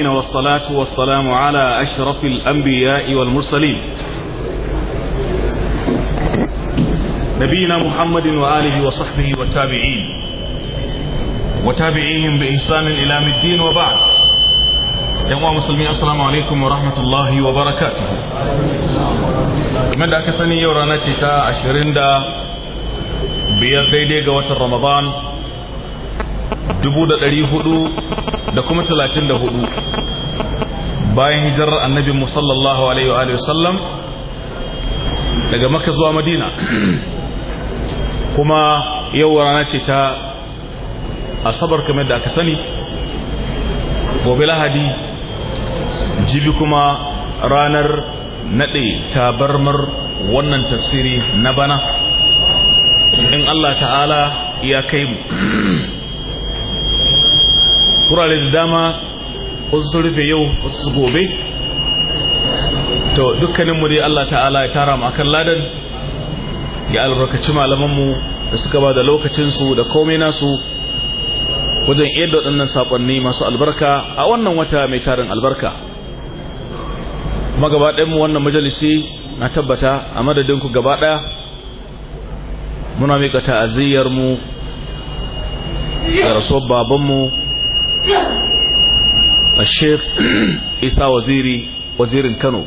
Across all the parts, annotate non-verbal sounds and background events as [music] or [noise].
والصلاة والسلام على أشرف الأنبياء والمرسلين نبينا محمد وآله وصحبه والتابعين وتابعيهم بإحسان إلى الدين وبعد يوم مسلمين السلام عليكم ورحمة الله وبركاته من سنة يورانا تا أشرين دا بيار ديدي رمضان dubu ɗari hudu da kuma talatin da hudu bayan hijirar annabi musallallahu alaihi wa sallam daga maka zuwa madina [clears throat] kuma yau rana ce ta asabar kamar da aka sani gobe lahadi jibi kuma ranar naɗe tabarmar wannan tafsiri na bana in allah ta'ala ya kai mu [clears throat] kurare da dama wasu sun rufe yau wasu su gobe to dukkaninmu dai Allah ta'ala ya tara mu akan ladan ya albarkaci malamanmu da suka ba da lokacinsu da komai nasu wajen yadda waɗannan saƙonni masu albarka a wannan wata mai tarin albarka kuma gaba ɗayanmu wannan majalisi na tabbata a madadinku gaba ɗaya muna miƙa ta'aziyyarmu da rasuwar babanmu a sheikh [clears throat] isa waziri wazirin kano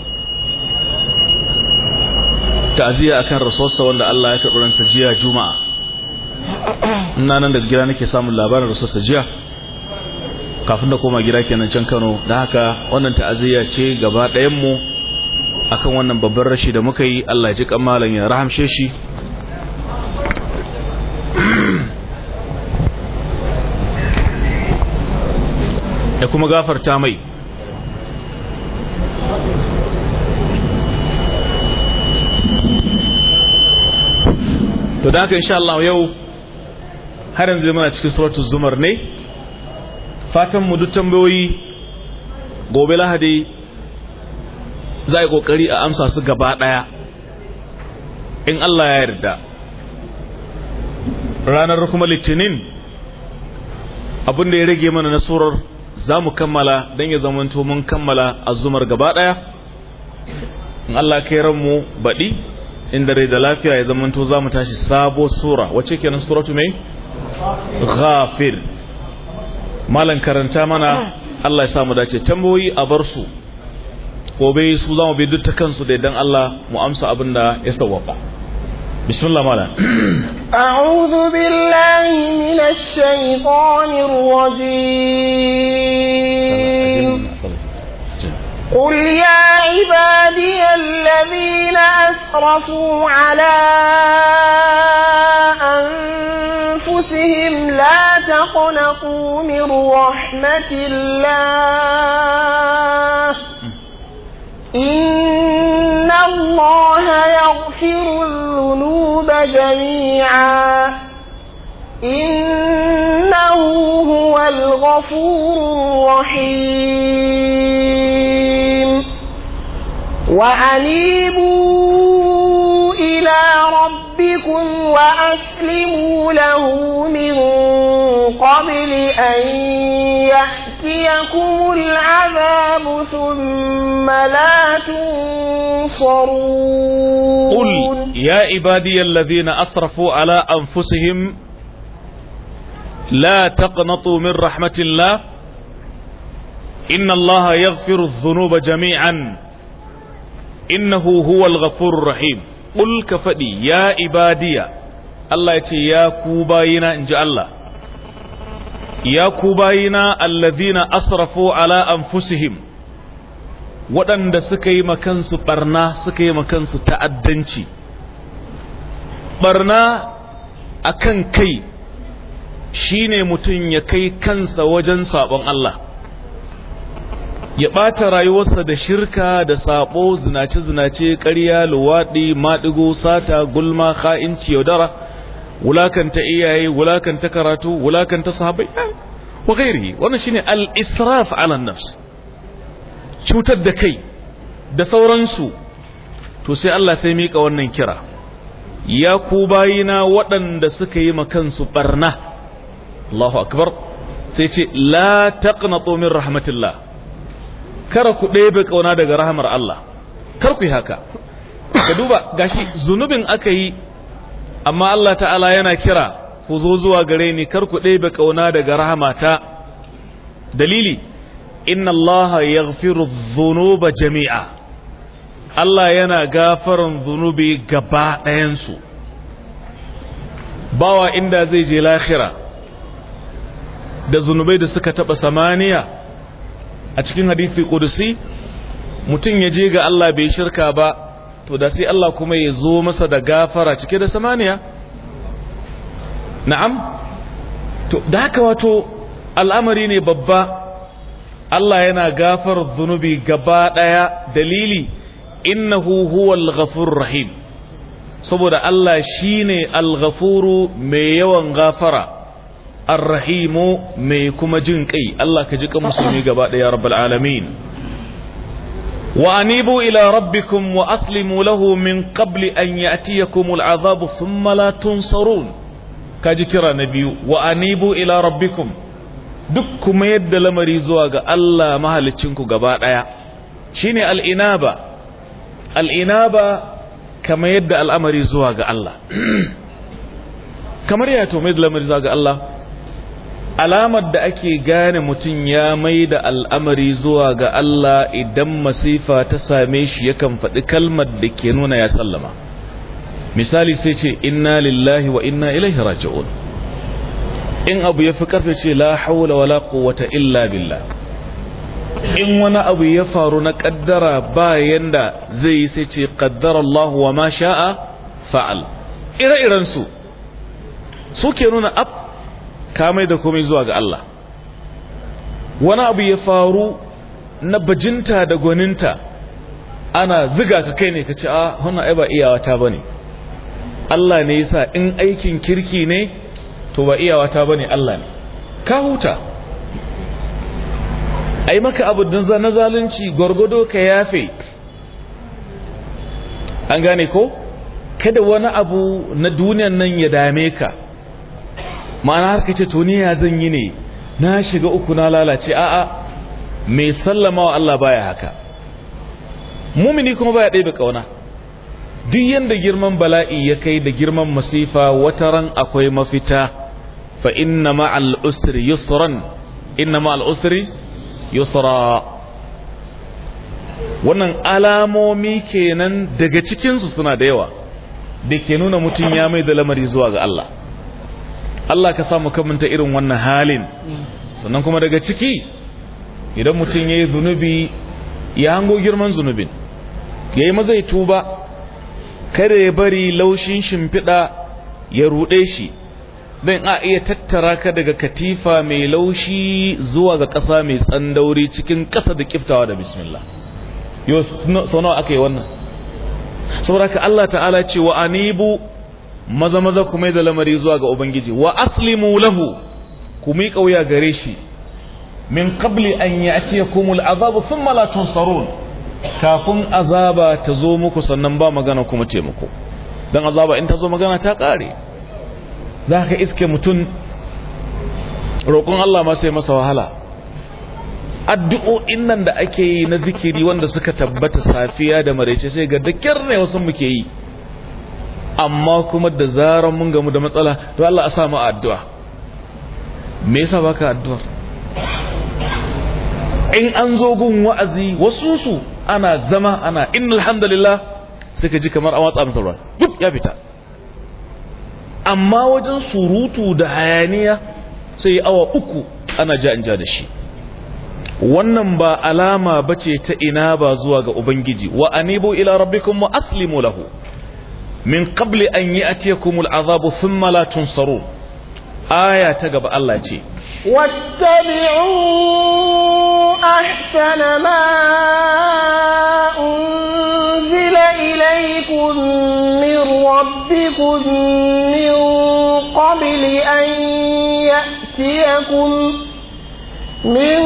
kan akan rasuwarsa wanda Allah ya karɓi ransa jiya juma'a ina nan daga gida nake samun labarin rasuwarsa jiya kafin da koma gida kenan can kano da haka wannan ta'aziyya ce gaba ɗayanmu akan wannan babban rashi da muka yi Allah ya ji malam ya rahamshe shi da kuma gafarta mai to da haka insha Allah yau har yanzu muna cikin suratul zumar ne fatan mu duk tambayoyi gobe lahadi za yi kokari a amsa su gaba daya in Allah ya yarda ranar kuma litinin abinda ya rage mana na surar za mu kammala don ya zamanto mun kammala azumar gaba ɗaya in Allah kai mu baɗi inda rai da lafiya ya zamanto za mu tashi sabo sura wacce kenan suratu mai ghafir malan karanta mana Allah ya samu dace tambayoyi a bar su gobe su za mu bi duk ta kansu da idan Allah mu amsa abin da ya sawaba بسم الله مولانا [clears throat] أعوذ بالله من الشيطان الرجيم قل يا عبادي الذين أسرفوا على أنفسهم لا تقنقوا من رحمة الله إن إن الله يغفر الذنوب جميعا إنه هو الغفور الرحيم وأنيبوا إلى ربكم وأسلموا له من قبل أن يأتيكم العذاب ثم لا تنصرون قل يا عبادي الذين أسرفوا على أنفسهم لا تقنطوا من رحمة الله إن الله يغفر الذنوب جميعاً innahu huwal ghafurur rahim qul ka fadi ya ibadiya Allah ya ce ya ku bayina inji Allah ya ku bayina alladhina asrafu ala anfusihim waɗanda suka yi makansu barna suka yi makansu ta'addanci barna akan kai shine mutum ya kai kansa wajen sabon Allah ya ɓata rayuwarsa da shirka da saɓo zinace-zinace ƙarya luwaɗi maɗigo sata gulma ha'inci yaudara wulakanta iyaye wulakanta karatu wulakanta sahabai eh, wa gairi wannan shine al-israf ala nafs cutar da kai da sauransu to sai Allah sai mika wannan kira ya ku bayina waɗanda suka yi makansu barna Allahu akbar sai ce la taqnatu min rahmatillah kara ku ɗebe ƙauna daga rahamar Allah kar ku yi haka ka duba gashi zunubin aka yi amma Allah ta'ala yana kira ku zo zuwa gare ni kar ku ɗebe ƙauna daga rahamata dalili inna Allah yaghfiru zunuba jami'a Allah yana gafaran zunubi gaba ɗayansu bawa inda zai je lahira da zunubai da suka taɓa samaniya a cikin hadisi kudusi mutum ya je ga Allah bai shirka ba to da sai Allah kuma ya zo masa da gafara cike da samaniya na'am to da haka wato al'amari ne babba Allah yana gafar zunubi gaba daya dalili innahu huwal ghafur rahim saboda Allah shine al-ghafuru mai yawan gafara arrahimu mai kuma jin kai Allah ka ji kan musulmi gaba ɗaya rabbal alamin wa anibu ila rabbikum wa aslimu lahu min qabli an ya'tiyakum al'azab thumma la tunsarun ka ji kira na biyu wa anibu ila rabbikum duk kuma yadda lamari zuwa ga Allah mahalicinku gaba ɗaya shine al'inaba al'inaba kamar yadda al'amari zuwa ga Allah [clears throat] kamar ya to mai da lamari zuwa ga Allah alamar da ake gane mutum ya mai da al'amari zuwa ga Allah idan masifa ta same shi yakan faɗi kalmar da ke nuna ya sallama misali sai ce inna lillahi wa inna ilaihi raji'un in abu ya fi karfe ce la haula wala quwwata illa billah in wani abu ya faru na kaddara bayan da zai yi sai ce qaddara Allah wa ma sha'a fa'al ire-iren su suke nuna ab Kamai da komai zuwa ga Allah wani abu ya faru na bajinta da gwaninta ana ziga ka kai ne ka ce a ah, hana ai ba iyawata bane Allah ne yasa in aikin kirki ne to ba iyawata bane Allah ne ka huta ai maka abu na zalunci gwargwado ka yafe an gane ko kada wani abu na duniyan nan ya dame ka ma'ana har kace to ni ya zan yi ne na shiga uku na lalace a'a mai sallama wa Allah baya haka mumini kuma baya ɗebe kauna duk yanda girman bala'i ya kai da girman masifa wata ran akwai mafita fa inna ma'al usri yusran inna ma'al usri yusra wannan alamomi kenan daga cikinsu suna da yawa da ke nuna mutum ya mai da lamari zuwa ga Allah Allah ka samu kamanta irin wannan halin sannan kuma daga ciki idan mutum ya yi zunubi ya hango girman zunubin ya yi mazai tuba kada ya bari laushin shimfiɗa ya ruɗe shi don a iya tattara ka daga katifa mai laushi zuwa ga ƙasa mai tsandauri cikin ƙasa da ƙiftawa da bismillah yau sau nawa aka yi wannan saboda ka Allah ta'ala ce wa anibu maza maza ku mai da lamari zuwa ga ubangiji wa aslimu lahu ku mai kauya gare shi min qabli an ya'tiyakumul azabu thumma la tunsarun kafin azaba ta zo muku sannan ba magana kuma taimako dan azaba in ta zo magana ta kare zaka iske mutun roƙon Allah ma sai masa wahala addu'o'in nan da ake yi na zikiri wanda suka tabbata safiya da maraice sai ga dakkar ne wasu muke yi amma kuma da zarar mun gamu da matsala to Allah a sa mu addu'a me yasa baka addu'ar in an zo gun wa'azi wasu su ana zama ana innal hamdalillah sai ka ji kamar an watsa masa ruwa ya fita amma wajen surutu da hayaniya sai awa uku ana ja in ja da shi wannan ba alama bace ta ina ba zuwa ga ubangiji wa anibu ila rabbikum wa aslimu lahu من قبل أن يأتيكم العذاب ثم لا تنصرون آية تقب الله تي واتبعوا أحسن ما أنزل إليكم من ربكم من قبل أن يأتيكم من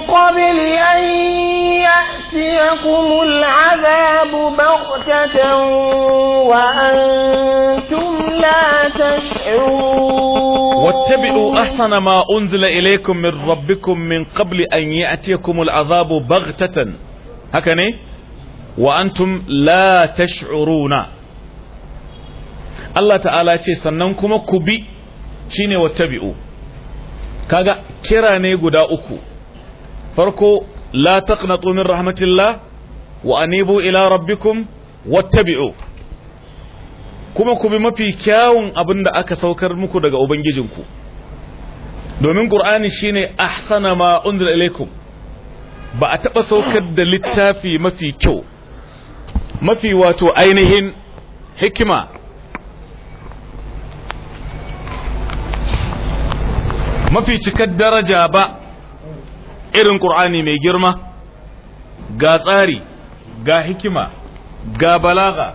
قبل أن يأتيكم العذاب بغتة وأنتم لا تشعرون واتبعوا أحسن ما أنزل إليكم من ربكم من قبل أن يأتيكم العذاب بغتة هكذا وأنتم لا تشعرون الله تعالى ce sannan kuma ku bi كيرا wattabi'u دا kira ne la taqnatu min rahmatillah wa anibu ila rabbikum wattabi'u kuma ku bi mafi kyawun abin da aka saukar muku daga ubangijinku domin qur'ani shine ahsana ma unzila ilaikum ba a taɓa saukar da littafi mafi kyau mafi wato ainihin hikima mafi cikar daraja ba irin ƙur'ani mai girma ga tsari ga hikima ga balaga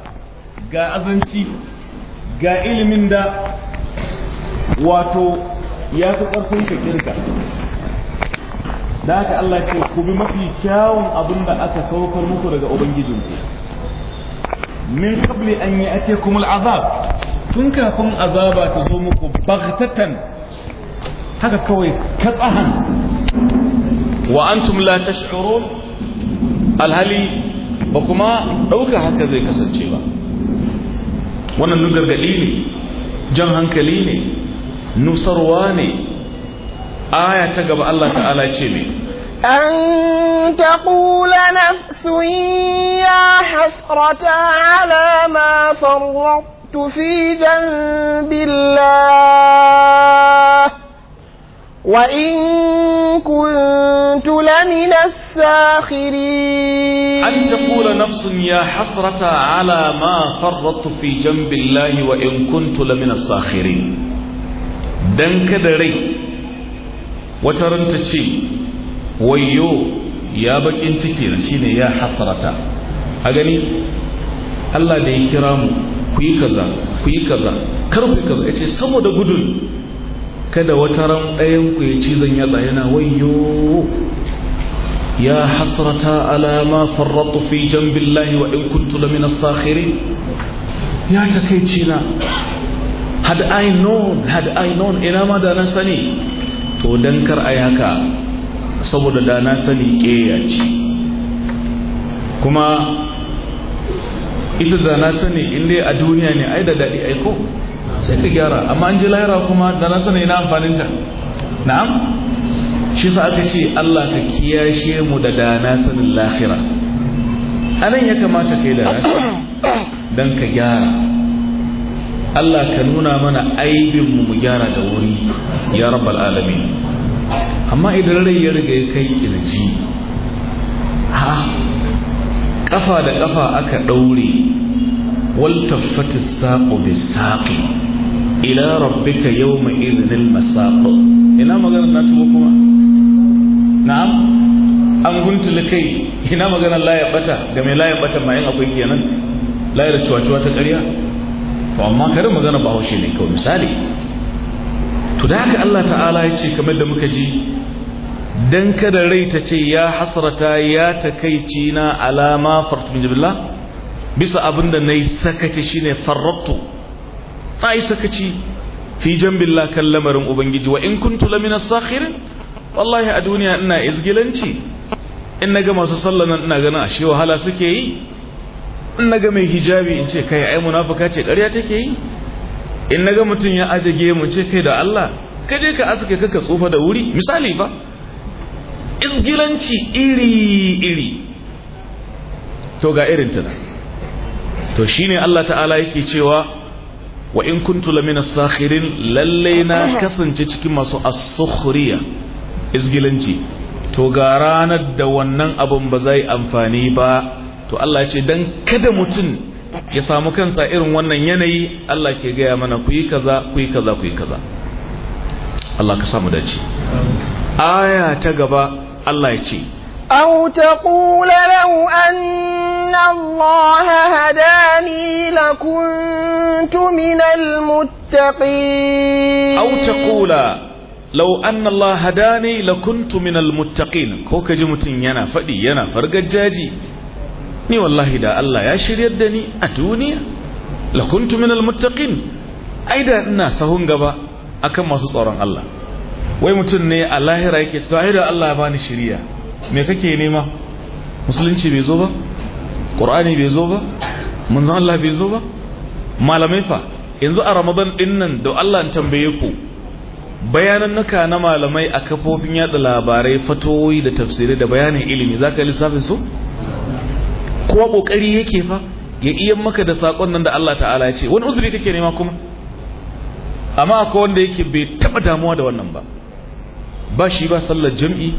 ga azanci ga ilimin da wato ya fi ƙarfin ka kirka da haka Allah ce ku bi mafi kyawun abin da aka saukar muku daga ubangijinku min kabli an yi kuma al'azab tun kafin azaba ta zo muku baghtatan haka kawai tsahan wa antum la tash'urun alhali ba kuma dauka haka zai kasance ba wannan nun gargadi ne jan hankali ne nusarwa ne aya ta gaba Allah ta'ala ce me An تقول نفس يا حسرة على ما فرطت في وإن كنت لمن الساخرين أن تقول نفس يا حسرة على ما فرطت في جنب الله وإن كنت لمن الساخرين دنك دري وترنتشي ويو يا بكين تكين شيني يا حسرة أغني الله دي كرام كوي كذا كوي كذا كرم كذا saboda gudun kada wata ran ɗayan ku ya cizon yatsa yana wayo ya hasrata alama farratu fi jambillahi wa in kuntu lamina sakhirin ya takeici na had i known had i known ina ma da na sani to dan kar a saboda da na sani ya ce kuma ita da na sani inda a duniya ne ai da daɗi aiko sai ka gyara amma an ji lahira kuma da na sani na amfaninta na'am shi sa aka ce Allah ka kiyashe mu da dana sanin lahira anan ya kamata kai da rasu don ka gyara Allah ka nuna mana aibinmu mu gyara da wuri ya rabbal alamin amma idan rai ya riga ya kai kirji ha kafa da kafa aka daure wal taffatis saqu bis saqi ila rabbika yawma idhil masaq ina magana na tuba kuma na'am an guntu kai ina magana Allah ya bata ga mai la bata ma akwai kenan la da cuwa ta ƙarya to amma kare magana ba haushe ne kawai misali to da haka Allah ta'ala ya ce kamar da muka ji dan kada rai ta ce ya hasrata ya takaici na alama fartu min bisa abinda nayi sakace shine farrattu ta yi sakaci fi jambillah kan lamarin ubangiji wa in kuntu lamina sakhirin wallahi a duniya ina izgilanci in naga masu sallah nan ina ganin ashe wahala suke yi in naga mai hijabi in ce kai ai munafuka ce ƙarya take yi in naga mutum ya ge mu ce kai da Allah ka je ka aske ka tsufa da wuri misali ba izgilanci iri iri to ga irin ta to shine Allah ta'ala yake cewa wa in kuntu minas sakhirin lalle na kasance cikin masu as-sukhriya izgilanci to ga ranar da wannan abun ba zai amfani ba to Allah ya ce dan kada mutum ya samu kansa irin wannan yanayi Allah ke gaya mana ku yi kaza ku yi kaza ku yi kaza Allah ka samu dace aya ta gaba Allah ya ce أو تقول لو أن الله هداني لكنت من المتقين أو تقول لو أن الله هداني لكنت من المتقين كوكا جمت ينا فدي ينا فرق الجاجي ني والله دا الله يا شري الدني أدوني لكنت من المتقين أيضا الناس هون قبا أكم مصوص أوران الله ويمتني الله رأيك يتدعي الله باني شريه me kake nema musulunci bai zo ba ƙur'ani bai zo ba manzan Allah bai zo ba malamai fa yanzu a ramadan din nan da Allah tambaye ku bayanan nuka na malamai a kafofin yada labarai fatoyi da tafsirai da bayanan ilimi za ka lissafi su kowa ƙoƙari yake fa ya iya maka da sakon nan da Allah ta'ala ya ce wani uzuri kake nema kuma amma akwai wanda yake bai taɓa damuwa da wannan ba ba shi ba sallar jam'i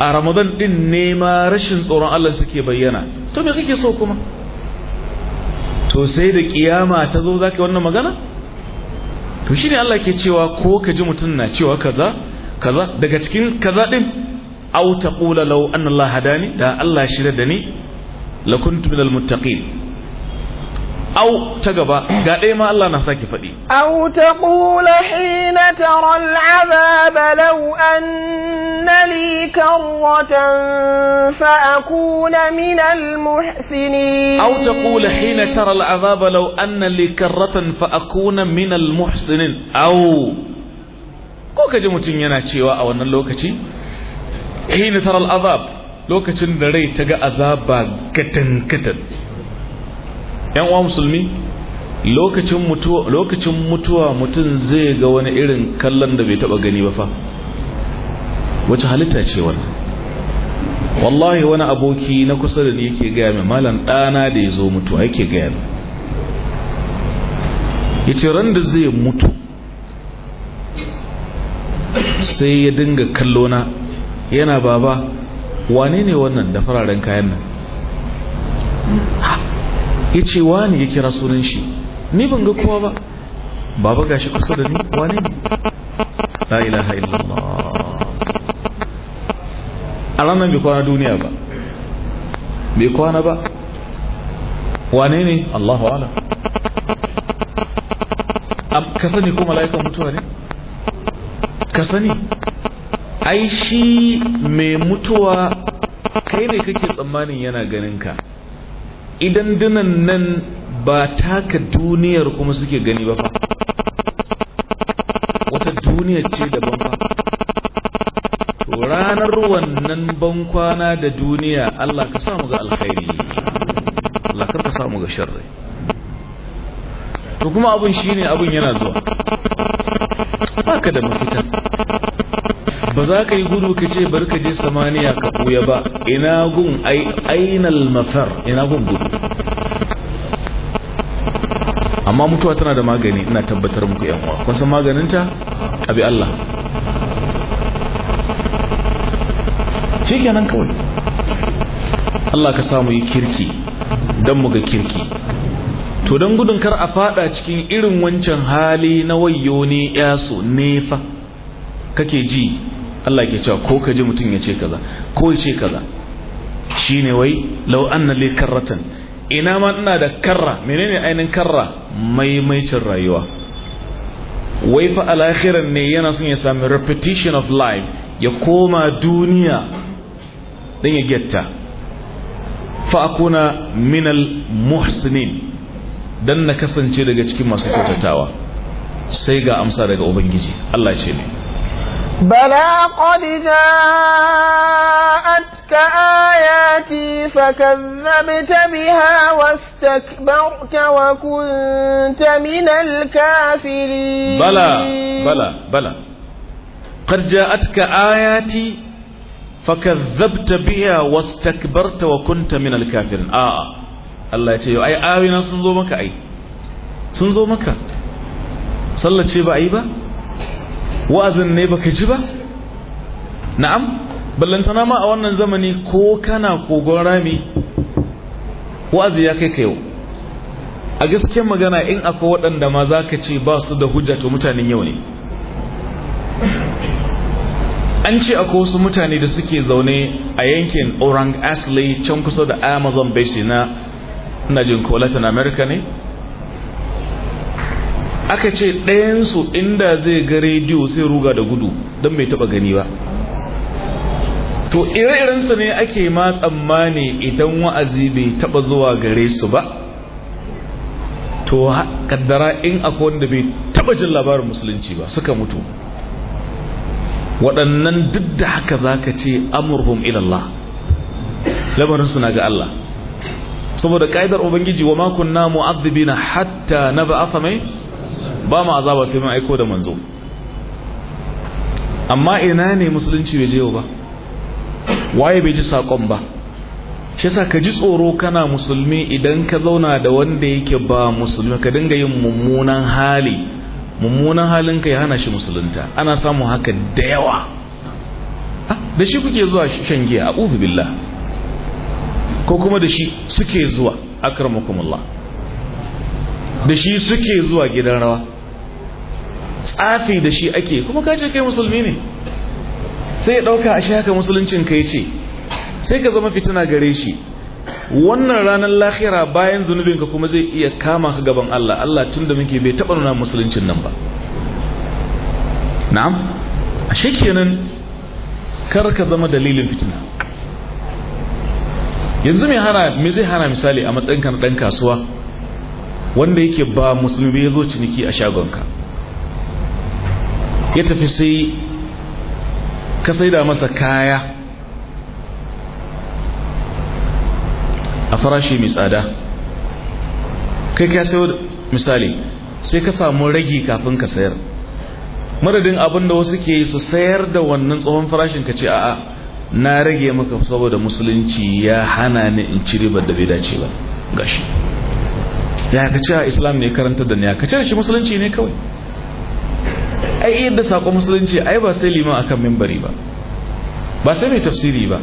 a ramadan din ne ma rashin tsoron Allah suke bayyana to me kake so kuma to sai da kiyama ta zo zaka wannan magana to shine Allah ke cewa ko ka ji mutum na cewa kaza kaza daga cikin kaza din aw taqula law anna Allah hadani da Allah shirya da ni lakuntu minal muttaqin أو تقبا قال إيه ما الله نحساك فدي أو تقول حين ترى العذاب لو أن لي كرة فأكون من المحسنين أو تقول حين ترى العذاب لو أن لي كرة فأكون من المحسنين أو ko ka ji mutum yana cewa a wannan lokaci hina taral azab lokacin da rai ta ga azaba gatan katan yan uwa musulmi lokacin mutuwa mutum zai ga wani irin kallon da bai taba gani ba fa wace halitta ce wannan wallahi wani aboki na kusa da ni yake gaya mai malam ɗana da ya zo mutuwa yake gaya min ya ce ran da zai mutu sai ya dinga kallo na yana baba wane ne wannan da fararen kayan nan ya ce ne ya kira sunan shi ni ban ga kowa ba baba gashi kusa da ni wa ne la ilaha illallah a ranar bai kwana duniya ba bai kwana ba wane ne allahu ala ka sani ko mala'ikan mutuwa ne ka sani ai shi mai mutuwa kai ne kake tsammanin yana ganin ka idan dinan nan ba taka duniyar kuma suke gani ba fa wata duniyar ce daban fa ranar wannan bankwana da duniya Allah ka samu ga alkhairi Allah kar ka samu ga sharri to kuma abun shine abun yana zuwa baka da mafita ba za ka yi gudu ka ce bar ka je samaniya ka buya ba ina gun ainal masar ina gun gudu amma mutuwa tana da magani ina tabbatar muku yan uwa kun san maganinta abi Allah shikenan kawai Allah ka samu yi kirki dan mu ga kirki to don gudun kar a fada cikin irin wancan hali na wayo ne yaso nefa kake ji Allah ke cewa ko ka ji mutum ya ce kaza ko ya ce kaza shine wai law anna li karratan ina ma ina da karra menene ainihin karra maimaicin rayuwa wai fa alakhiran ne yana son ya sami repetition of life ya koma duniya dan ya getta fa akuna minal muhsinin dan na kasance daga cikin masu kyautatawa sai ga amsa daga ubangiji Allah ce ne بلى قد جاءتك آياتي فكذبت بها واستكبرت وكنت من الكافرين بلى بلى بلى قد جاءتك آياتي فكذبت بها واستكبرت وكنت من الكافرين آه, آه. الله يتيو أي آينا سنزو مكا أي سنزو مكا صلت شيء بأي بأ wa'azin ne baka ji ba na'am ballantana ma a wannan zamani ko kana kogon rami wa'azi ya kai ka yau a gaskiyar magana in akwai waɗanda ma za ka ce ba su da hujja to mutanen yau ne an ce akwai wasu mutane da suke zaune a yankin orang asli can kusa da amazon basin na najin na amerika ne aka ce ɗayansu inda zai ga rediyo sai ruga da gudu don bai taba gani ba to ire-irensu ne ake ma tsammani idan wa'azi bai taba zuwa gare su ba to kaddara in akwai wanda bai taba jin labarin musulunci ba suka mutu waɗannan duk da haka za ka ce amurhum ilallah Labarinsu na ga Allah saboda ƙa'idar ubangiji wa makon na na hatta na ba'afa mai ba mu azaba sai mun aiko da manzo amma ina ne musulunci bai jiyo ba waye bai ji sakon ba shi yasa ka ji tsoro kana musulmi idan ka zauna da wanda yake ba musulmi ka dinga yin mummunan hali mummunan halin ka ya hana shi musulunta ana samun haka da yawa ah, da shi kuke zuwa shan giya a billah ko kuma da shi suke zuwa akramakumullah da shi suke zuwa gidan rawa tsafi da shi ake kuma ka ce kai musulmi ne sai ya ɗauka a haka musuluncin kai ce sai ka zama fitina gare shi wannan ranar lahira bayan zunubin ka kuma zai iya kama ka gaban Allah Allah tun da muke bai taba nuna musuluncin nan ba na'am a shekenan kar ka zama dalilin fitina yanzu mai hana me zai hana misali a matsayinka na ɗan kasuwa wanda yake ba musulmi ya zo ciniki a shagonka ya tafi sai ka saida masa kaya a farashi mai tsada kai ka sayo misali sai ka samu ragi kafin ka sayar madadin abin da wasu ke su sayar da wannan tsohon farashin ka ce a'a na rage maka saboda musulunci ya hana ni in ci ribar da bai dace ba gashi ya ka ce islam ne karanta da niya ka ce shi musulunci ne kawai ai yadda sako musulunci ai ba sai liman akan mimbari ba ba sai mai tafsiri ba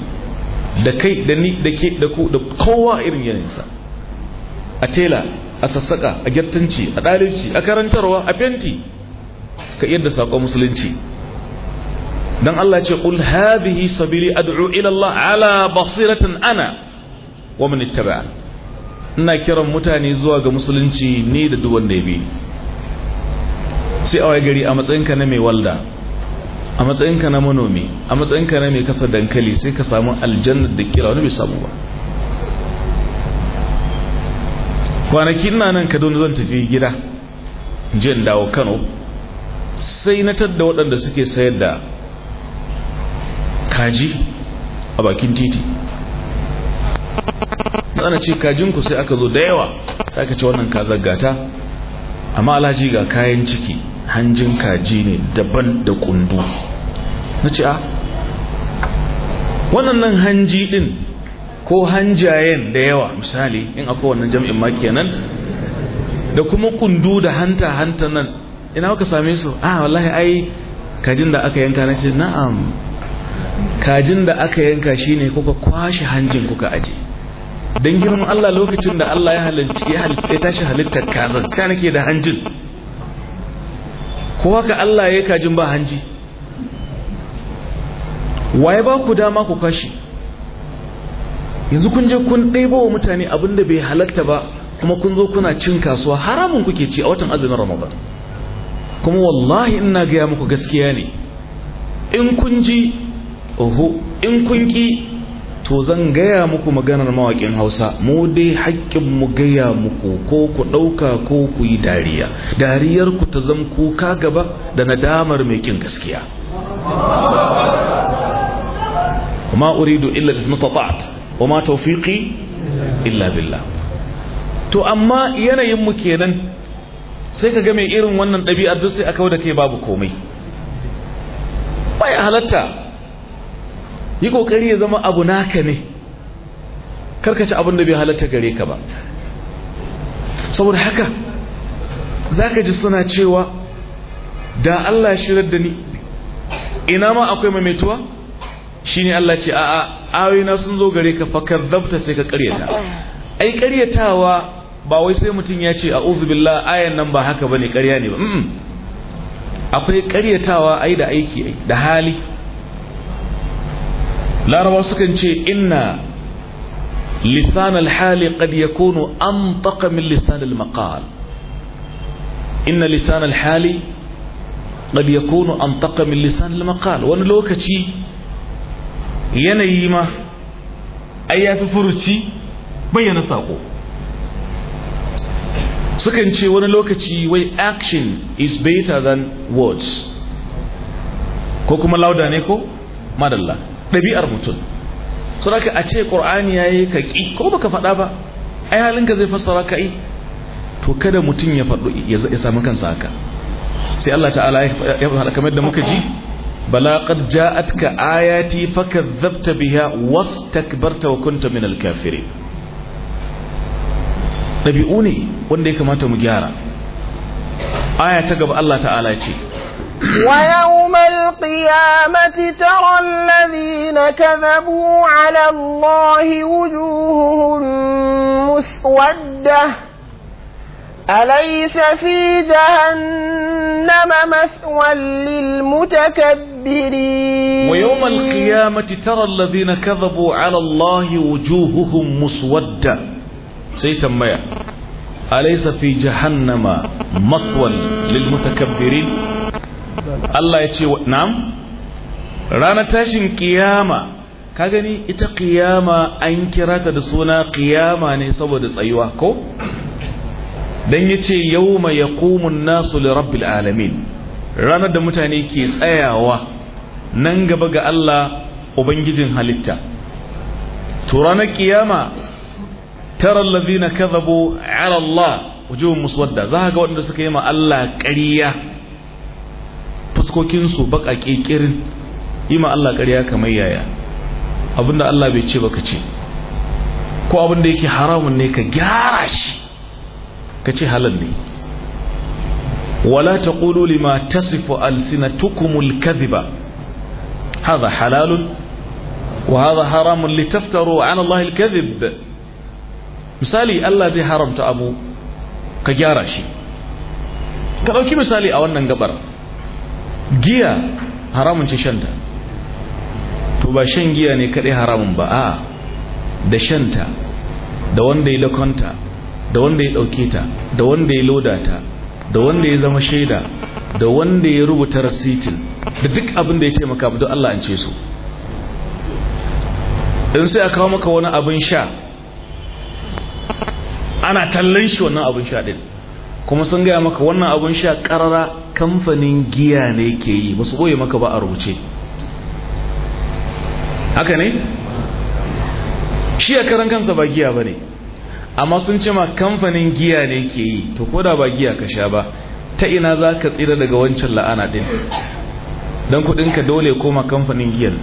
da kai da ni da ke da ku da kowa irin yanayinsa a tela a sassaka a gyattanci a ɗalibci a karantarwa a fenti ka yadda sako musulunci dan Allah ce qul hadhihi sabili ad'u ila Allah ala basiratin ana wa man ittaba'a ina kiran mutane zuwa ga musulunci ne da duk wanda ya bi sai a gari a matsayinka na mai walda a matsayinka na manomi a matsayinka na mai kasa dankali sai ka samu aljannar da kira wani bai samu ba kwanaki ina nan kaduna zan tafi gida jin dawo kano sai na tadda waɗanda suke sayar da kaji a bakin titi ana ce kajinku sai aka zo da yawa sai aka ce wannan kazar gata amma alhaji ga kayan ciki hanjin kaji ne daban da kundu na ce a wannan nan hanji din ko hanjayen da yawa misali in akwai wannan jam'in ma kenan da kuma kundu da hanta hanta nan ina aka same su a wallahi ai kajin da aka yanka na ce na'am kajin da aka yanka shine kuka kwashe hanjin kuka aje don girman Allah lokacin da Allah ya halarci ya tashi halittar kazan ta nake da hanjin ko haka Allah ya kajin ba hanji waye ba ku dama ku kashi yanzu kun je kun ɗaiba wa mutane abinda bai halatta ba kuma kun zo kuna cin kasuwa haramun kuke ci a watan azumin ramadan kuma wallahi ina gaya muku gaskiya ne in kun ji oho in kun ki to zan gaya muku maganar mawakin hausa mu dai haƙƙin mu gaya muku ko ku ɗauka ko ku yi dariya dariyar ku ta zan kuka gaba da nadamar mai kin gaskiya kuma uridu illa da wa ma taufiƙi illa billah to amma yanayin mu kenan sai ka game irin wannan ɗabi'ar duk a aka da kai babu komai baya halatta yi kokari ya zama abu naka ne ci abin da bai halatta gare ka ba saboda haka zaka ji suna cewa da Allah shirar da ni ina ma akwai Shi shine Allah ce a'a na sun zo gare ka fakar dabta sai ka karyata ai karyatawa ba wai sai mutum ya ce a'udhu billah ayan nan ba haka bane karya ne ba akwai karyatawa ai da aiki da hali larabawa sukan ce inna lisan alhali qad yakunu antaqa min lisan almaqal inna lisan alhali qad yakunu antaqa min lisan almaqal wani lokaci yanayi ma ai yafi furuci bayyana sako sukan ce wani lokaci wai action is better than words ko kuma lauda ne ko madalla ɗabi'ar mutum su raka a ce ƙur'ani ya yi ka ƙi ko baka faɗa ba ai halinka zai fassara ka yi to kada mutum ya faɗo ya sami kansa haka sai Allah ta'ala ya faɗa kamar da muka ji bala qad ja'atka ayati fakadhabta biha wastakbarta wa kunta minal kafirin ɗabi'u ne wanda ya kamata mu gyara aya ta gaba Allah ta'ala ce ويوم القيامة ترى الذين كذبوا على الله وجوههم مسودة أليس في جهنم مثوى للمتكبرين ويوم القيامة ترى الذين كذبوا على الله وجوههم مسودة سيتميع أليس في جهنم مثوى للمتكبرين Allah ya ce na'am ranar tashin kiyama ka gani ita kiyama an kira ka da suna kiyama ne saboda tsayuwa ko dan yace yawma yaqumu an-nasu li rabbil alamin ranar da mutane ke tsayawa nan gaba ga Allah ubangijin halitta to ranar kiyama tara alladhina kadhabu ala Allah wujuhum muswadda za ga waɗanda suka yi ma Allah ƙarya fuskokinsu baka ƙirƙirin yi ma Allah ƙarya kamar yaya abinda Allah bai ce baka ce ko abinda yake haramun ne ka gyara shi ka ce halal ne wala taqulu lima tasifu alsinatukumul kadhiba hadha halalun wa hadha haramun litaftaru ala Allah alkadhib misali Allah zai haramta abu ka gyara shi ka ɗauki misali a wannan gabar giya haramun ce shanta to ba shan giya ne kadai haramun ba a da shanta da wanda ya lakonta da wanda ya dauke ta da wanda ya loda ta da wanda ya zama shaida da wanda ya rubuta rasitin da duk abin da ya taimaka don Allah an ce su in sai a kawo maka wani abin sha ana tallan shi wannan abin sha din kuma sun gaya maka wannan abun sha karara kamfanin giya ne ke yi ba su boye maka ba a rubuce haka ne shi a karan kansa ba giya ba ne amma sun ce ma kamfanin giya ne ke yi to koda ba giya ka sha ba ta ina za ka tsira daga wancan la'ana ɗin don kudinka dole koma kamfanin giyan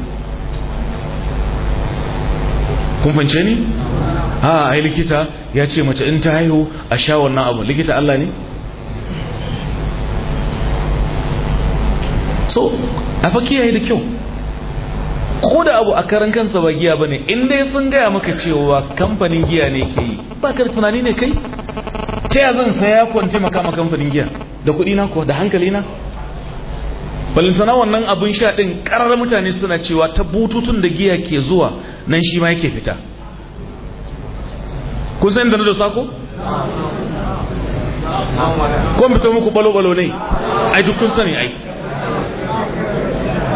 kun fance ni a ai likita ya ce mace in ta haihu a sha wannan abu likita Allah ne so a fakiya yi da kyau ko da abu a karan kansa ba giya ba bane in dai sun gaya maka cewa kamfanin giya ne ke yi ba ka tunani ne kai ta ya zan saya ko maka kamfanin giya da kuɗi na ko da hankali na balintana wannan abin sha din karar mutane suna cewa ta bututun da giya ke zuwa nan shi ma yake fita kun san da na dosa ko ko fito muku balo balo ne ai duk kun sani ai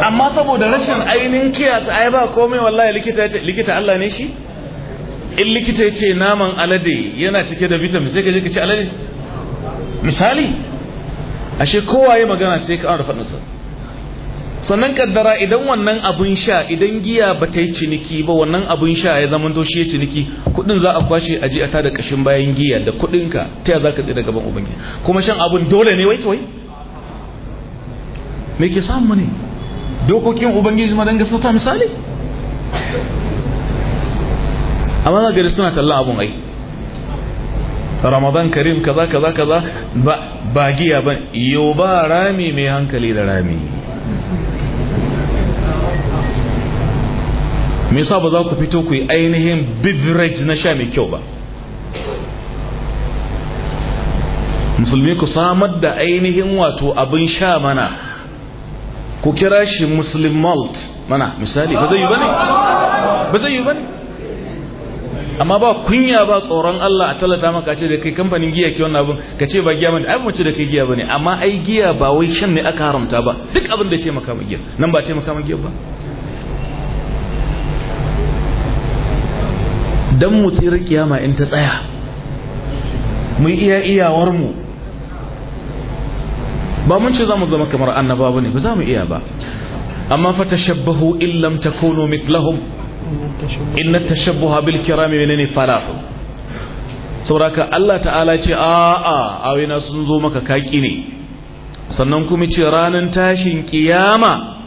amma saboda rashin ainihin kiyasa ai ba komai wallahi likita ya ce likita Allah ne shi in likita ya ce naman alade yana cike da vitamin sai ka je ka ci alade misali ashe kowa ya magana sai ka ana da sa. sannan kaddara idan wannan abun sha idan giya ba ta yi ciniki ba wannan abun sha ya zama to shi ya ciniki kudin za a kwashe a ji a tada kashin bayan giya da ka ta ya za ka tsira gaban ubangi kuma shan abun dole ne wai wai me ke samu ne dokokin ubangiji ma danga sauta misali amma za gari suna kallon abun ai ramadan karim kaza kaza kaza ba giya ba yau ba rami mai hankali da rami me yasa ba za ku fito ku yi ainihin beverage na sha mai kyau ba musulmi ku samar da ainihin wato abin sha mana ku kira shi muslim malt mana misali ba zai yi ba ne ba zai yi ba ne amma ba kunya ba tsoron Allah a talata maka ce da kai kamfanin giya ke wannan abin ka ce ba giya bane ai mace da kai giya bane amma ai giya ba wai shan ne aka haramta ba duk abin da ce maka giya nan ba ce maka giya ba don mu tsira kiyama in ta tsaya mu iya iyawar mu ba mun ce za mu zama kamar annaba ba ne ba za mu iya ba amma fa tashabbahu illam takunu mithlahum inna tashabbuha bil kirami menene falahu sauraka Allah ta'ala ce a'a awena sun zo maka kaki ne sannan kuma ce ranar tashin kiyama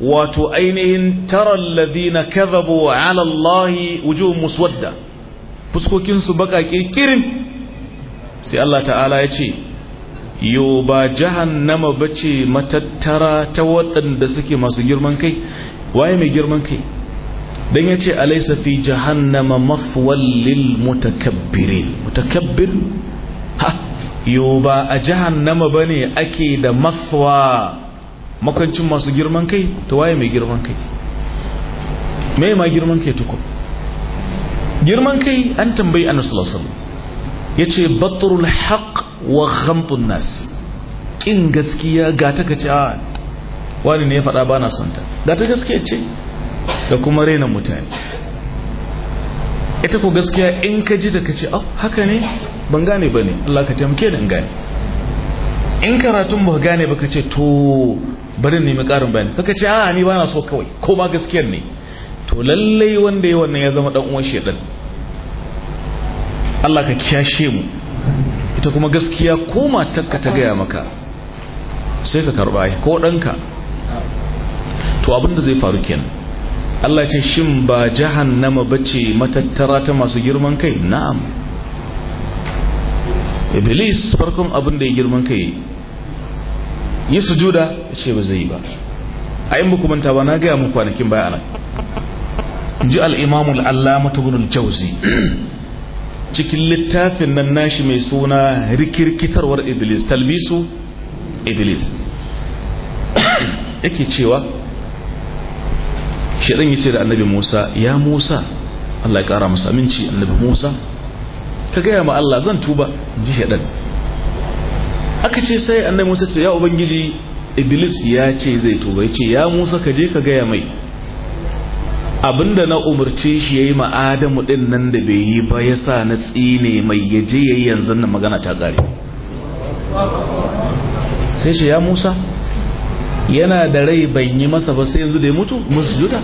wato ainihin taral ladina kadhabu ala Allah muswadda fuskokin su baka kirkirin sai Allah ta'ala ya ce yo ba jahannama bace matattara ta waɗanda suke masu girman kai waye mai girman kai dan yace alaysa fi jahannama mafwal mutakabbirin mutakabbir ha yo ba a jahannama bane ake da mafwa makancin masu girman kai ta waye mai girman kai mai ma girman kai tuku girman kai an tambayi annabi sallallahu alaihi wasallam yace batrul haqq wa ghamtun nas kin gaskiya ga ta kace a ah, wani ne ya faɗa bana son ga ta gaskiya ce da kuma raina mutane ita ko gaskiya in ka ji da kace oh haka ne ban gane bane Allah ka taimake ni in gane in karatun ba gane ba ka ce to bari mai karin bayani kaka ce a ni ba na so kawai ko ma gaskiyar ne to lallai wanda ya wannan ya zama dan uwan shedan Allah ka kiyashe mu ita kuma gaskiya ko ma takka ta gaya maka sai ka karba ko danka to abin zai faru kenan Allah ce shin ba jahannama bace matattara ta masu girman kai na'am iblis farkon abin da ya girman kai yi sujuda ya ce ba zai yi ba a yin bukumanta ba na gaya mu kwanakin baya anan ji al’imamu allama ta gudun jauzi [clears throat] cikin littafin nan nashi mai suna rikirkitarwar iblis talbisu iblis [clears throat] yake cewa shaɗin ya ce da annabi musa ya musa allah ya ƙara musa minci annabi musa ka gaya ma allah zan tuba ji shaɗin aka ce sai annai musa ce ya ubangiji iblis ya ce zai tuba ya ce ya musa ka je ka gaya mai abinda na umarce shi ya yi ma'adamu ɗin nan da bai yi ba ya sa na tsine mai ya je ya yi yanzu na magana ta gare sai shi ya musa yana da rai ban yi masa ba sai yanzu da ya mutu musjuda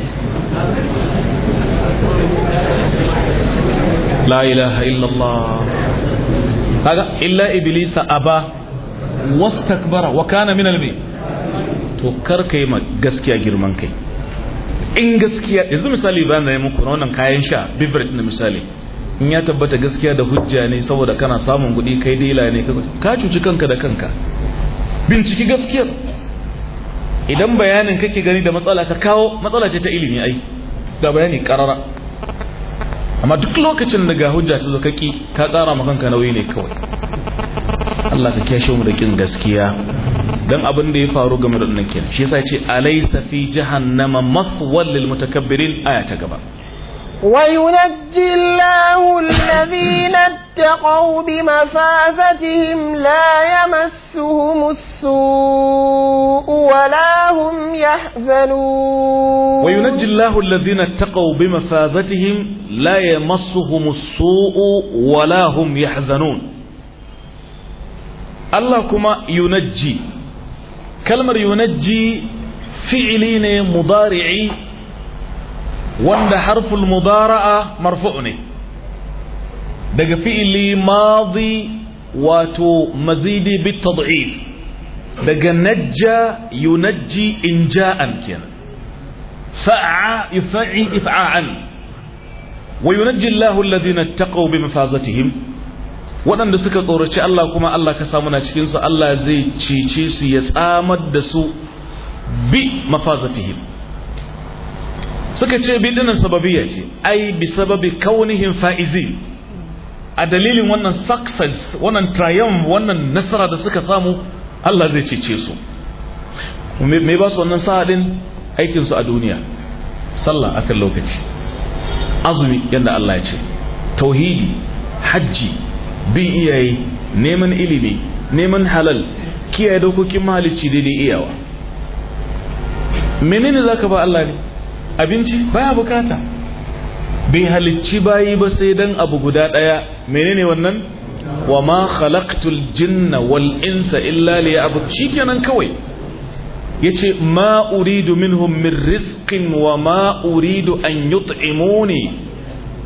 la ilaha illallah kaga illa iblisa aba wastakbara wa kana min almi to kar kai ma gaskiya girman kai in gaskiya yanzu misali ba na yi muku na wannan kayan sha beverage na misali in ya tabbata gaskiya da hujja ne saboda kana samun kuɗi kai dila ne ka cuci kanka da kanka binciki gaskiyar idan bayanin kake gani da matsala ka kawo matsala ce ta ilimi ai da bayani karara amma duk lokacin da ga hujja ta zo kaki ka tsara ma kanka nauyi ne kawai Allah ka kyashe mu da kin gaskiya dan abin da ya faru game da nan kenan shi yasa yace alaysa fi jahannama mathwal lil mutakabbirin aya ta gaba وينجي الله الذين اتقوا بمفازتهم لا يمسهم السوء ولا هم يحزنون وينجي الله الذين اتقوا بمفازتهم لا يمسهم السوء ولا هم يحزنون الله كما ينجي كلمة ينجي فعلين مضارعي وند حرف المضارعة مرفوعني دق فعل ماضي واتو مزيدي بالتضعيف دق نجى ينجي انجاء كينا فاع يفعي افعاعا وينجي الله الذين اتقوا بمفازتهم waɗanda suka tsoraci Allah kuma Allah ka samu na cikinsu Allah zai cece su ya tsamar da su bi mafazatihim suka ce bi dinan sababiyya ce ai bi sababi kaunihim fa'izi a dalilin wannan success wannan triumph wannan nasara da suka samu Allah zai cece su me ba su wannan sa'adin aikinsu a duniya sallah akan lokaci azumi yadda Allah ya ce tauhidi hajji bin iyaye neman ilimi neman halal kiyaye dokokin mahalicci daidai iyawa menene zaka ba Allah ne abinci baya bukata bai halicci bayi ba sai dan abu guda daya menene wannan wa ma khalaqtul jinna wal insa illa liya'bud shikenan kawai yace ma uridu minhum min rizqin wa ma uridu an yut'imuni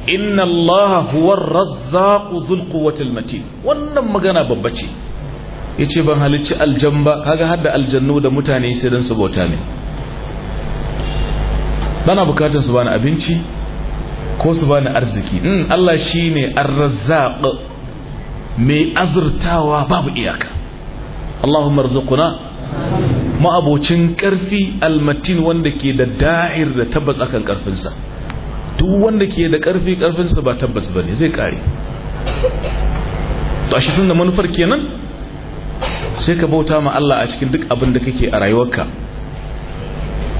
inna allaha huwar razzaqu dhul quwwatil matin wannan magana babba ce yace ban halicci aljamba kaga hadda aljannu da mutane sai dan su bauta ne bana bukatun su bani abinci ko su bani arziki in hmm, Allah shine ar-razzaq mai azurtawa babu iyaka Allahumma ma ma'abocin karfi almatin wanda ke da da'ir da tabbas akan karfinsa duk wanda ke da karfi karfinsa ba tabbas ba ne zai kare to shi tun da manufar kenan sai ka bauta ma Allah a cikin duk abin da kake a rayuwarka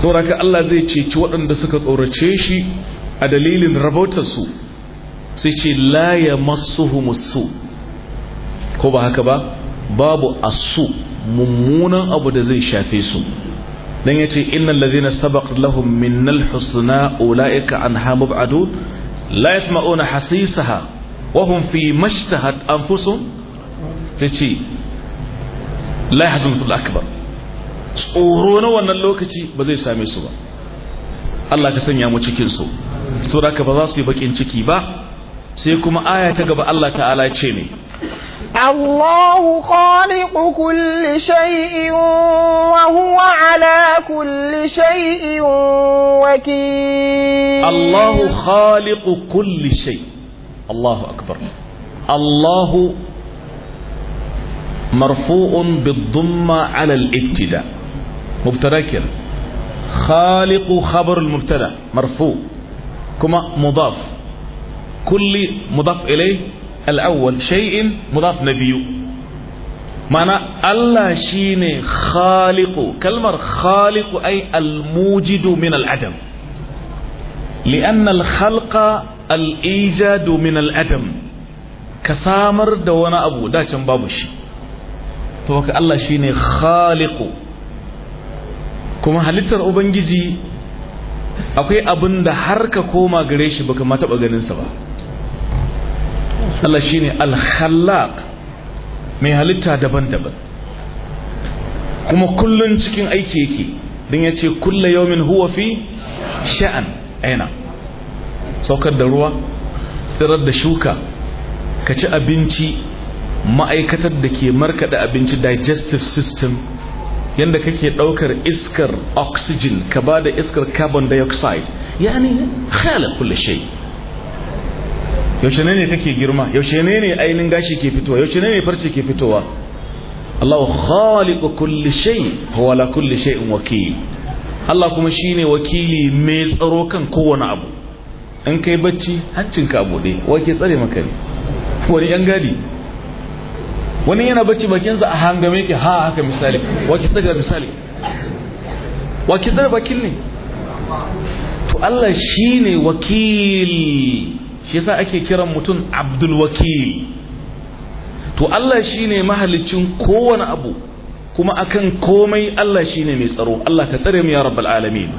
ka Allah zai ceci waɗanda suka tsorace shi a dalilin rabautarsu sai ce la ya musu ko ba haka ba babu asu mummunan abu da zai shafe su dan yace innal ladhina sabaqat lahum minnal husna ulaika anha mub'adun la yasma'una hasisaha wa hum fi mashtahat anfusuhum sai ce la yahzunul akbar tsoro na wannan lokaci ba zai same su ba Allah ka sanya mu cikin su saboda ka ba za su yi bakin ciki ba sai kuma aya ta gaba Allah ta'ala ce ne الله خالق كل شيء وهو على كل شيء وكيل الله خالق كل شيء الله أكبر الله مرفوع بالضمة على الابتداء مبتدا خالق خبر المبتدا مرفوع كما مضاف كل مضاف إليه al'awwal shai'in mudaf na biyu Ma'ana Allah shine khaliqu kalmar khaliqu ay al-mujidu min al-adam li'an al-khalqa al-ijadu min al-adam ka samar da wani abu dacin babu shi to haka Allah shine khaliqu kuma halittar ubangiji akwai abin da har koma gare shi baka ma taɓa ganinsa ba Allah shi ne khallaq mai halitta daban-daban kuma kullum cikin aiki yake din yace kulle yawmin huwa fi sha'an aina saukar da ruwa tsirar da shuka ka ci abinci ma'aikatar da ke markada abinci digestive system yadda kake ɗaukar iskar oxygen ka ba da iskar carbon dioxide ne, halar kulle shai. yaushe ne ne kake girma yaushe ne ne ainihin gashi ke fitowa yaushe ne ne farce ke fitowa Allahu khaliqu kulli shay huwa la kulli shay'in wakil Allah kuma shine wakili mai tsaro kan kowane abu in kai bacci hancin abu dai wake tsare maka ne wani yan gadi wani yana bacci bakin sa a hangame ki ha haka misali wake tsare misali wake tsare bakin ne to Allah shine wakil shi yasa ake kiran mutum abdul wakil to Allah shine mahalicin kowane abu kuma akan komai Allah shine mai tsaro Allah ka tsare mu ya rabbal alamin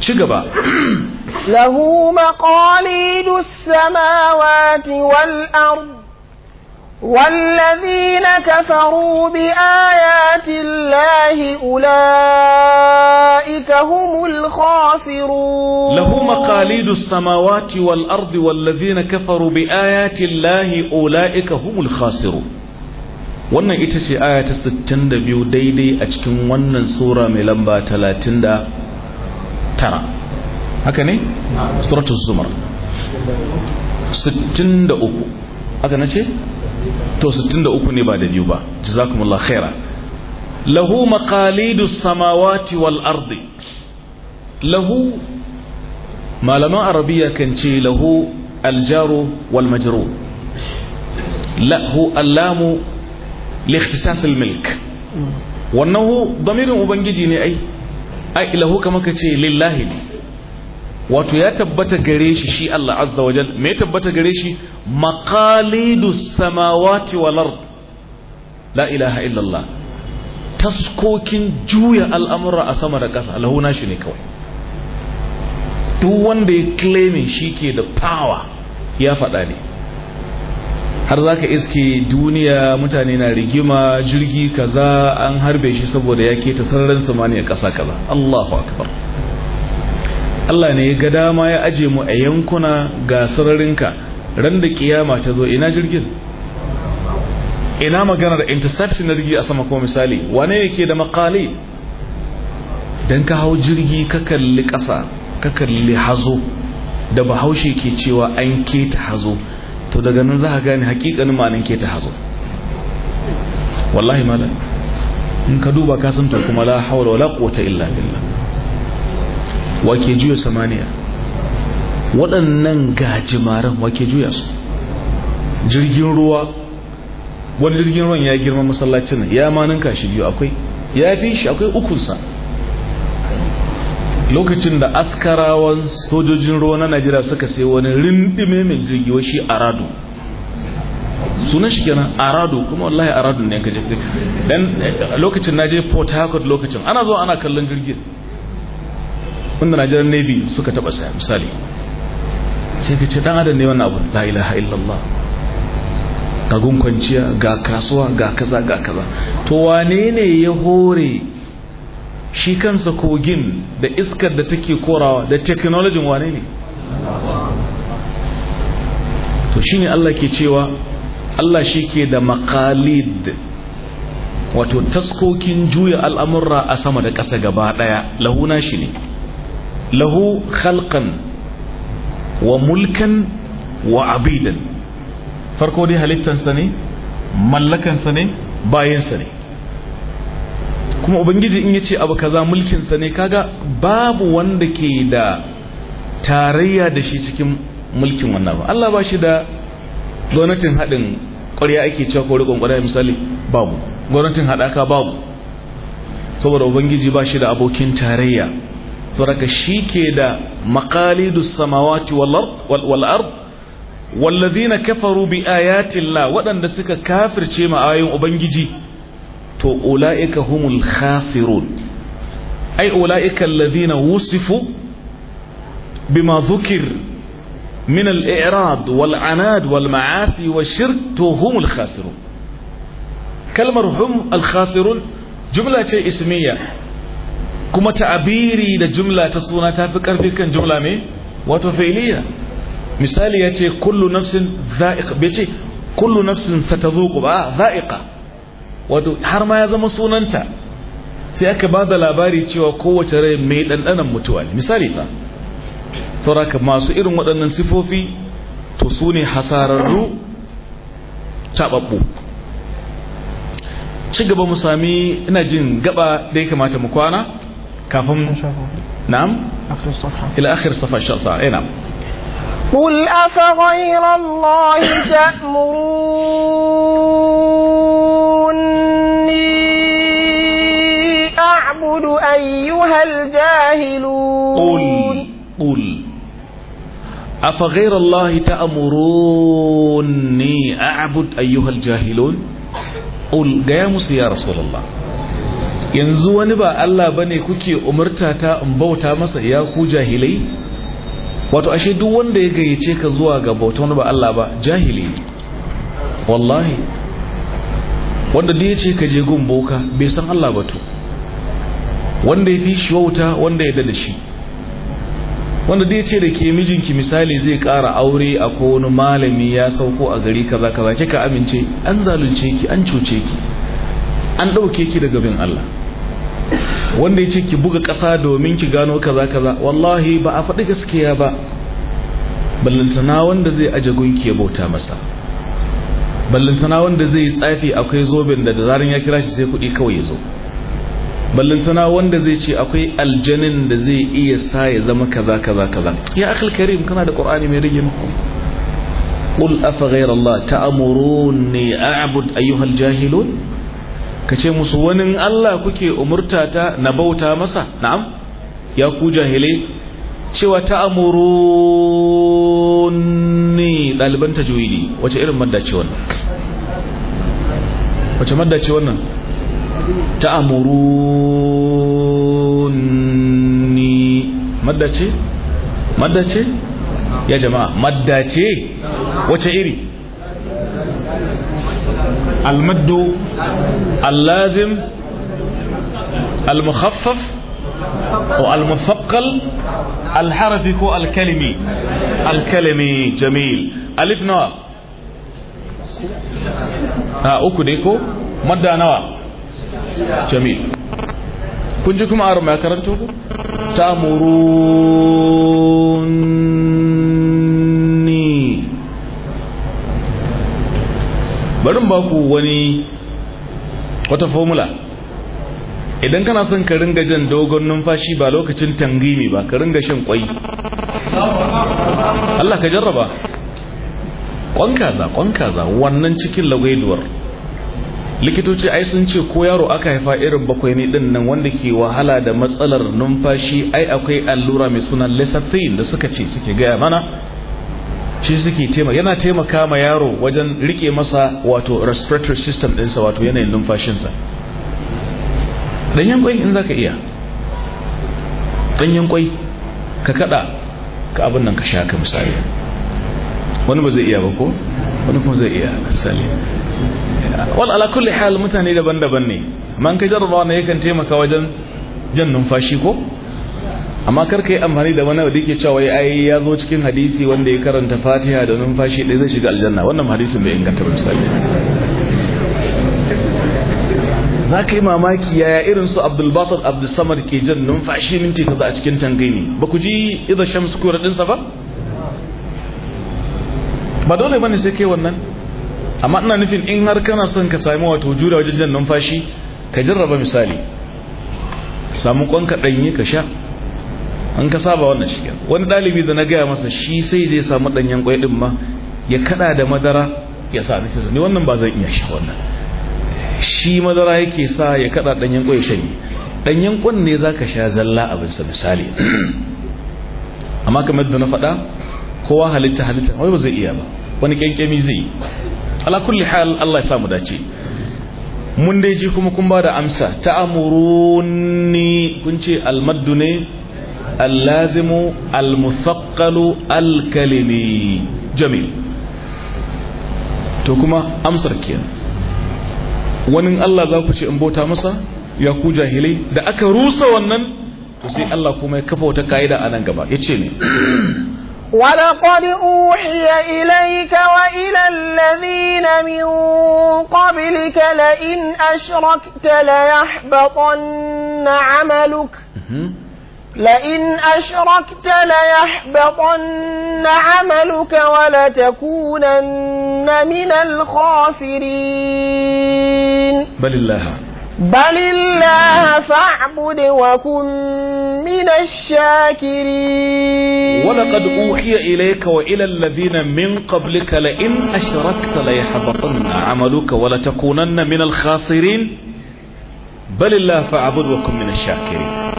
ci gaba [clears throat] lahu maqalidus samawati wal ard والذين كفروا بآيات الله أولئك هم الخاسرون له مقاليد السماوات والأرض والذين كفروا بآيات الله أولئك هم الخاسرون wannan ita ce aya ta 62 daidai a cikin wannan sura mai lamba 39 haka ne? suratul zumar 63 aka nace to 63 ne ba da biyu ba jazakumullah khaira lahu maqalidu samawati wal ardi lahu malaman arabiya kan ce lahu aljaru wal majrur lahu allamu li ikhtisas milk wannan hu damirin ubangiji ne ai ai lahu kamar ka ce lillahi wato ya tabbata gare shi shi Allah azza wajal me ya tabbata gare shi maqalidu samawati wal ard la ilaha illallah taskokin juya al'amura a sama da ƙasa na shi ne kawai duk wanda ya claiming shi ke da power ya faɗa ne har za ka iske duniya mutane na rigima jirgi kaza an harbe shi saboda ya ta sararin samaniya ƙasa kaza Allahu akbar Allah ne ya ga dama ya aje mu a yankuna ga sararinka ran da kiyama ta zo ina jirgin ina maganar interception na jirgi a sama ko misali wane ne ke da makali don ka hau jirgi ka kalli ƙasa ka kalli hazo da bahaushe ke cewa an keta hazo to daga nan za ka gane hakikanin ma'anin keta hazo wallahi mala in ka duba ka san kuma la hawla wala quwwata illa billah wa ke jiyo samaniya waɗannan gajimaren wake juya su jirgin ruwa wani jirgin ruwan ya girma masallacin nan ya ma ninka shi biyu akwai ya fi shi akwai ukunsa lokacin da askarawan sojojin ruwa na najeriya suka sai wani rindime mai jirgi shi arado sunan shi kenan arado kuma wallahi arado ne kaje dan lokacin naje port harcourt lokacin ana zo ana kallon jirgin wanda najeriya navy suka taba saya misali sai ka ce dan adam ne wannan abu la ilaha illallah ga gunkwanciya ga kasuwa ga kaza ga kaza to wane ne ya hore shi kansa kogin da iskar da take korawa da teknolojin wane ne to shine Allah ke cewa Allah shi ke da makalid wato taskokin juya al'amurra a sama da ƙasa gaba ɗaya lahuna shi ne lahu khalqan wa mulkan wa abidan farko dai halittansa ne mallakansa ne bayansa ne kuma ubangiji in yace abu kaza mulkinsa ne kaga babu wanda ke da tarayya da shi cikin mulkin wannan ba Allah ba shi da gwamnatin haɗin ƙwarya ake cewa ko riƙon ƙwarya misali babu gwamnatin haɗaka babu saboda ubangiji ba shi da abokin tarayya saboda ka shi ke da مقاليد السماوات والأرض, والأرض والذين كفروا بآيات الله ودن دسك كافر شيما آيوم أبنجي تو أولئك هم الخاسرون أي أولئك الذين وصفوا بما ذكر من الإعراض والعناد والمعاصي والشرك تو هم الخاسرون كلمة هم الخاسرون جملة اسمية kuma ta'abiri da jumla ta suna ta fi ƙarfi kan jumla mai wato fa'iliya misali ya ce kullu nafsin za'iqa bai ce kullu nafsin satazuqu ba za'iqa wato har ma ya zama sunanta sai aka ba da labari cewa kowace rai mai ɗanɗanan mutuwa ne misali ba sauraka masu irin waɗannan sifofi to su ne hasararru taɓaɓɓu ci gaba mu sami ina jin gaba da ya kamata mu kwana كافهم نعم آخر الصفحة إلى آخر الصفحة إن شاء الله اي نعم قل أفغير الله تأمروني أعبد أيها الجاهلون قل قل أفغير الله تأمروني أعبد أيها الجاهلون قل قيامس يا رسول الله yanzu wani ba Allah bane kuke umarta ta in bauta masa ya ku jahilai wato ashe duk wanda ya gayyace ka zuwa ga bauta wani ba Allah ba jahili wallahi wanda da ya ce ka je gun boka bai san Allah ba to wanda ya fi shi wauta wanda ya dada shi wanda da ya ce da ke mijinki misali zai ƙara aure a wani malami ya sauko a gari kaza kaza ka amince an zalunce ki an cuce ki an ɗauke ki daga bin Allah wanda ya ce ki buga ƙasa domin ki gano kaza kaza wallahi ba a faɗi gaskiya ba ballantana wanda zai aje gunki ya bauta masa ballantana wanda zai tsafi akwai zoben da da zaran ya kira shi sai kuɗi kawai ya zo ballantana wanda zai ce akwai aljanin da zai iya sa ya zama kaza kaza kaza ya akhil karim kana da qur'ani mai rigin muku qul afa ghayra allah ta'muruni a'bud ayyuhal jahilun ka ce musu wani Allah kuke umurta ta na bauta masa na'am ya ku jahilai cewa ta ne ɗaliban ta juyi wace irin maddace wannan wace maddace wannan ta amuru ne maddace maddace ya jama'a Maddace? wace iri المد اللازم المخفف والمثقل الحرفي كو الكلمي الكلمي جميل ألف نوا ها أكو ديكو مد نوا جميل كنجكم أرمى كرمتوكم تأمرون barin ba ku wani wata formula idan kana son ka ringa jan dogon numfashi ba lokacin tangimi ba ka ringa shan kwai Allah ka jarraba Kwankaza-kwankaza kaza wannan cikin lagwaiduwar likitoci ai sun ce ko yaro aka haifa irin bakwai ne din nan wanda ke wahala da matsalar numfashi ai akwai allura mai sunan lecithin da suka ce suke gaya mana shi suke tema yana taimaka ma yaro wajen rike masa wato respiratory system ɗinsa wato yanayin numfashinsa ɗanyen ƙwai in za ka iya ɗanyen ƙwai ka kaɗa ka abin nan ka sha ka misali wani ba zai iya ba ko wani kuma zai iya misali wal ala kulli hal mutane daban-daban ne man ka jarraba ne yakan taimaka wajen jan numfashi ko amma karka yi amfani da wani da yake cewa ai ya zo cikin hadisi wanda ya karanta fatiha da numfashi ɗaya zai shiga aljanna wannan hadisin bai inganta misali za ka yi mamaki yaya irin su abdulbatar abdulsamar ke jan numfashi minti kaza a cikin tangani ba ku ji idan shams kura ɗinsa ba ba dole bane sai kai wannan amma ina nufin in har kana son ka sami wato jura wajen jan numfashi ka jarraba misali samu kwanka ɗanyi ka sha an ka saba wannan shi wani dalibi da na gaya masa shi sai zai samu ɗanyen kwai ɗin ma ya kada da madara ya sa ni ni wannan ba zan iya sha wannan shi madara yake sa ya kada ɗanyen kwai shanye ɗanyen kwan ne za ka sha zalla sa misali [clears throat] amma kamar da na faɗa kowa halitta halitta wai ba zai iya ba wani kyankyami zai yi ala kulli hal Allah ya samu dace mun dai ji kuma kun ba da amsa ta'amuruni kun ce almaddu ne اللازم المثقل الكلمي جميل to kuma amsar kiyan wanin Allah za ku ce in bota masa ya ku jahilai da aka rusa wannan to sai Allah kuma ya kafa wata ka'ida a nan gaba ya ce ne wala qad uhiya ilayka wa ila alladhina min qablika la in ashrakta la yahbatanna 'amaluka لئن أشركت ليحبطن عملك ولتكونن من الخاسرين بل الله بل الله فاعبد وكن من الشاكرين ولقد أوحي إليك وإلى الذين من قبلك لئن أشركت ليحبطن عملك ولتكونن من الخاسرين بل الله فاعبد وكن من الشاكرين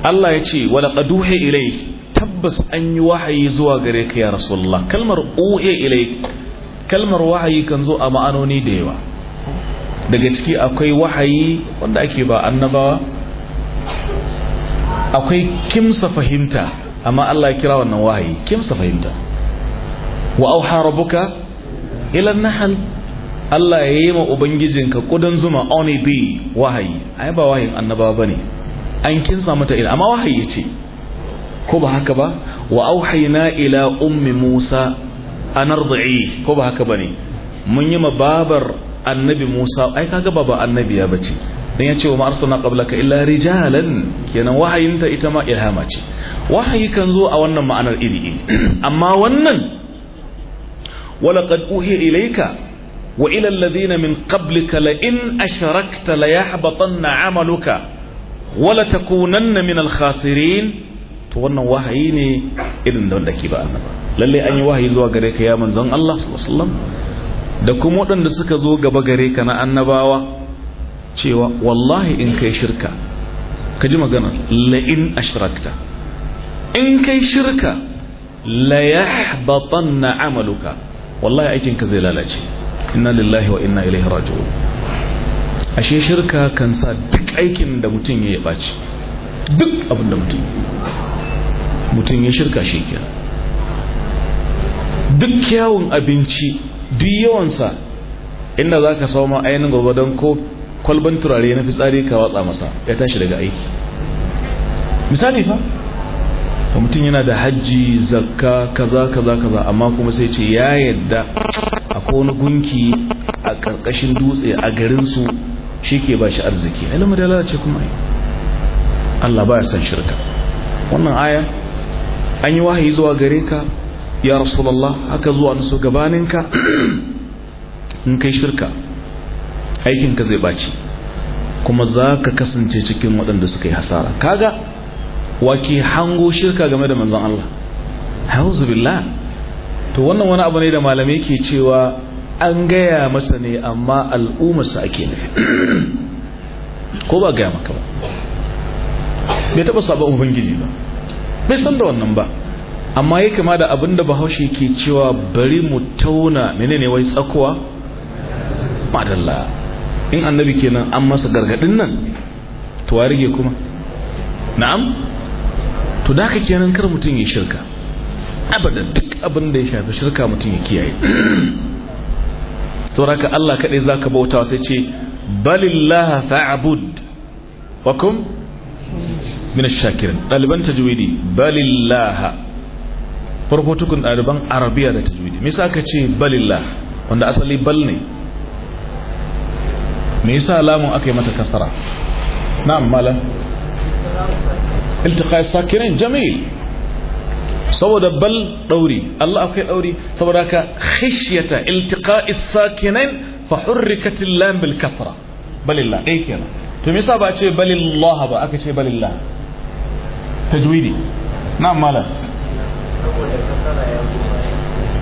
Allah ya ce wala qaduhe ilai tabbas an yi wahayi zuwa gare ka ya rasulullah kalmar uhe ilai kalmar wahayi kan zo a ma'anoni da yawa daga ciki akwai wahayi wanda ake ba annabawa akwai kimsa fahimta amma Allah ya kira wannan wahayi kimsa fahimta wa auha rabbuka ila nahl Allah ya yi ma ubangijinka kudan zuma on'i be wahayi ai ba wahayin annabawa bane an kinsa mata ila amma wahayi ya ce ko ba haka ba wa auhaina ila ummi musa an arda'i ko ba haka ba ne mun yi babar annabi musa ai kaga baba annabi annabiya ba ce dan yace ce wa ma'arsalna qablaka illa rijalan kenan wahayinta ita ma ilhama ce wahayi kan zo a wannan ma'anar iri iri [clears throat] amma wannan walaqad uhiya ilayka وإلى الذين من قبلك ashrakta أشركت ليحبطن عملك wala takunanna min al-khasirin to wannan wahayi ne irin da wanda ke ba annaba lalle an yi wahayi zuwa gare ka ya manzon Allah sallallahu da kuma waɗanda suka zo gaba gare ka na annabawa cewa wallahi in kai shirka ka ji magana la'in ashrakta in kai shirka la yahbatanna amaluka wallahi aikin ka zai lalace inna lillahi wa inna ilaihi raji'un ashe shirka kan sa duk aikin da mutum ya ɓaci duk abin da mutum mutum ya shirka shi ke duk kyawun abinci duk yawansa inda za ka sauma ainihin don ko kwalban turare na fitsari ka watsa masa ya tashi daga aiki misali fa mutum yana da hajji zakka kaza kaza kaza amma kuma sai ce ya yadda a wani gunki a ƙarƙashin dutse a garinsu shi ke ba shi arziki ilimin da lalace kuma yi Allah ba ya san shirka wannan aya an yi wahayi zuwa gare ka ya rasulallah haka zuwa nasu gabaninka [clears throat] in kai shirka aikinka zai baci kuma za ka kasance cikin waɗanda suka yi hasara kaga wake hango shirka game da manzan Allah hauzu to wannan wani abu ne da malamai ke cewa an gaya masa ne amma al'ummarsa ake nufi ko ba gaya maka ba bai taɓa sabon ubangiji ba bai san da wannan ba amma ya kama da abin da bahaushe ke cewa bari mu tauna menene wai tsakuwa madalla in annabi kenan an masa gargadin nan to rage kuma na'am to da ka kenan kar mutum ya shirka abadan duk abin da ya shafi shirka mutum ya kiyaye sauraka Allah kaɗai za ka bauta sai ce balillaha fa'abud wakum min shakirin ɗaliban tajwidi balillaha farko tukun ɗaliban arabiya da tajwidi me yasa ka ce balillah wanda asali bal ne me yasa alamun aka yi mata kasara na'am malam iltiqai sakirin jamil saboda bal ɗauri, Allah akwai ɗauri saboda ka khashyata iltiqa'i sakinain fa hurrikat lam bil kasra balillah dai kenan to me ba ce balillah ba aka ce balillah tajwidi na malam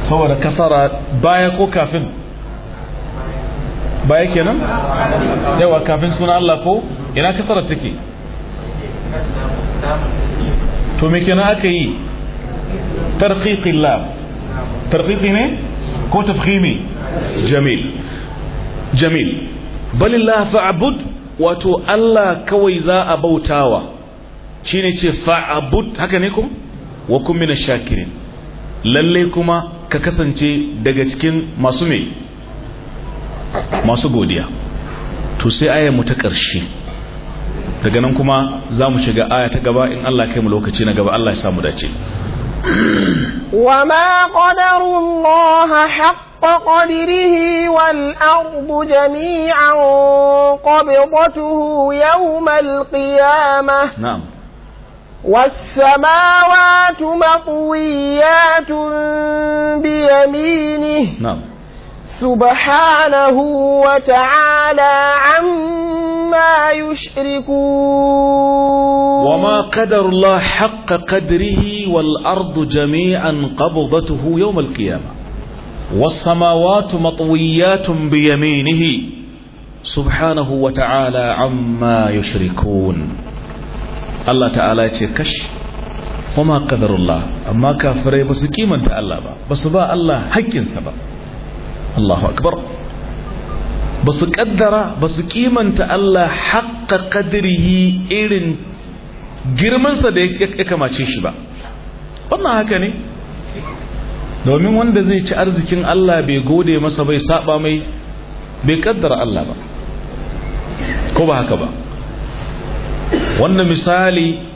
saboda kasara baya ko kafin baya kenan yawa kafin suna Allah ko ina kasara take to me kenan aka yi tarqiqin lam ne ko tafhimi jamil jamil balillah fa'bud wato Allah kawai za a bautawa shine ce fa'bud haka ne kuma wa kun mina shakirin lalle kuma ka kasance daga cikin masu me masu godiya Tosai aya mu ta ƙarshe daga nan kuma za mu shiga aya ta gaba in Allah kai mu lokaci na gaba Allah ya samu dace وما قدروا الله حق قدره والأرض جميعا قبضته يوم القيامة نعم والسماوات مطويات بيمينه نعم سبحانه وتعالى عما يشركون وما قدر الله حق قدره والأرض جميعا قبضته يوم القيامة والسماوات مطويات بيمينه سبحانه وتعالى عما يشركون الله تعالى يتكش وما قدر الله أما كافره بس كيما أنت الله بس با الله حق سبب Allahu akbar basu su kaddara ba kimanta Allah haƙa kadirihi irin girmansa da ya kamace shi ba wannan haka ne domin wanda zai ci arzikin Allah bai gode masa bai saba mai bai kaddara Allah ba ko ba haka ba wannan misali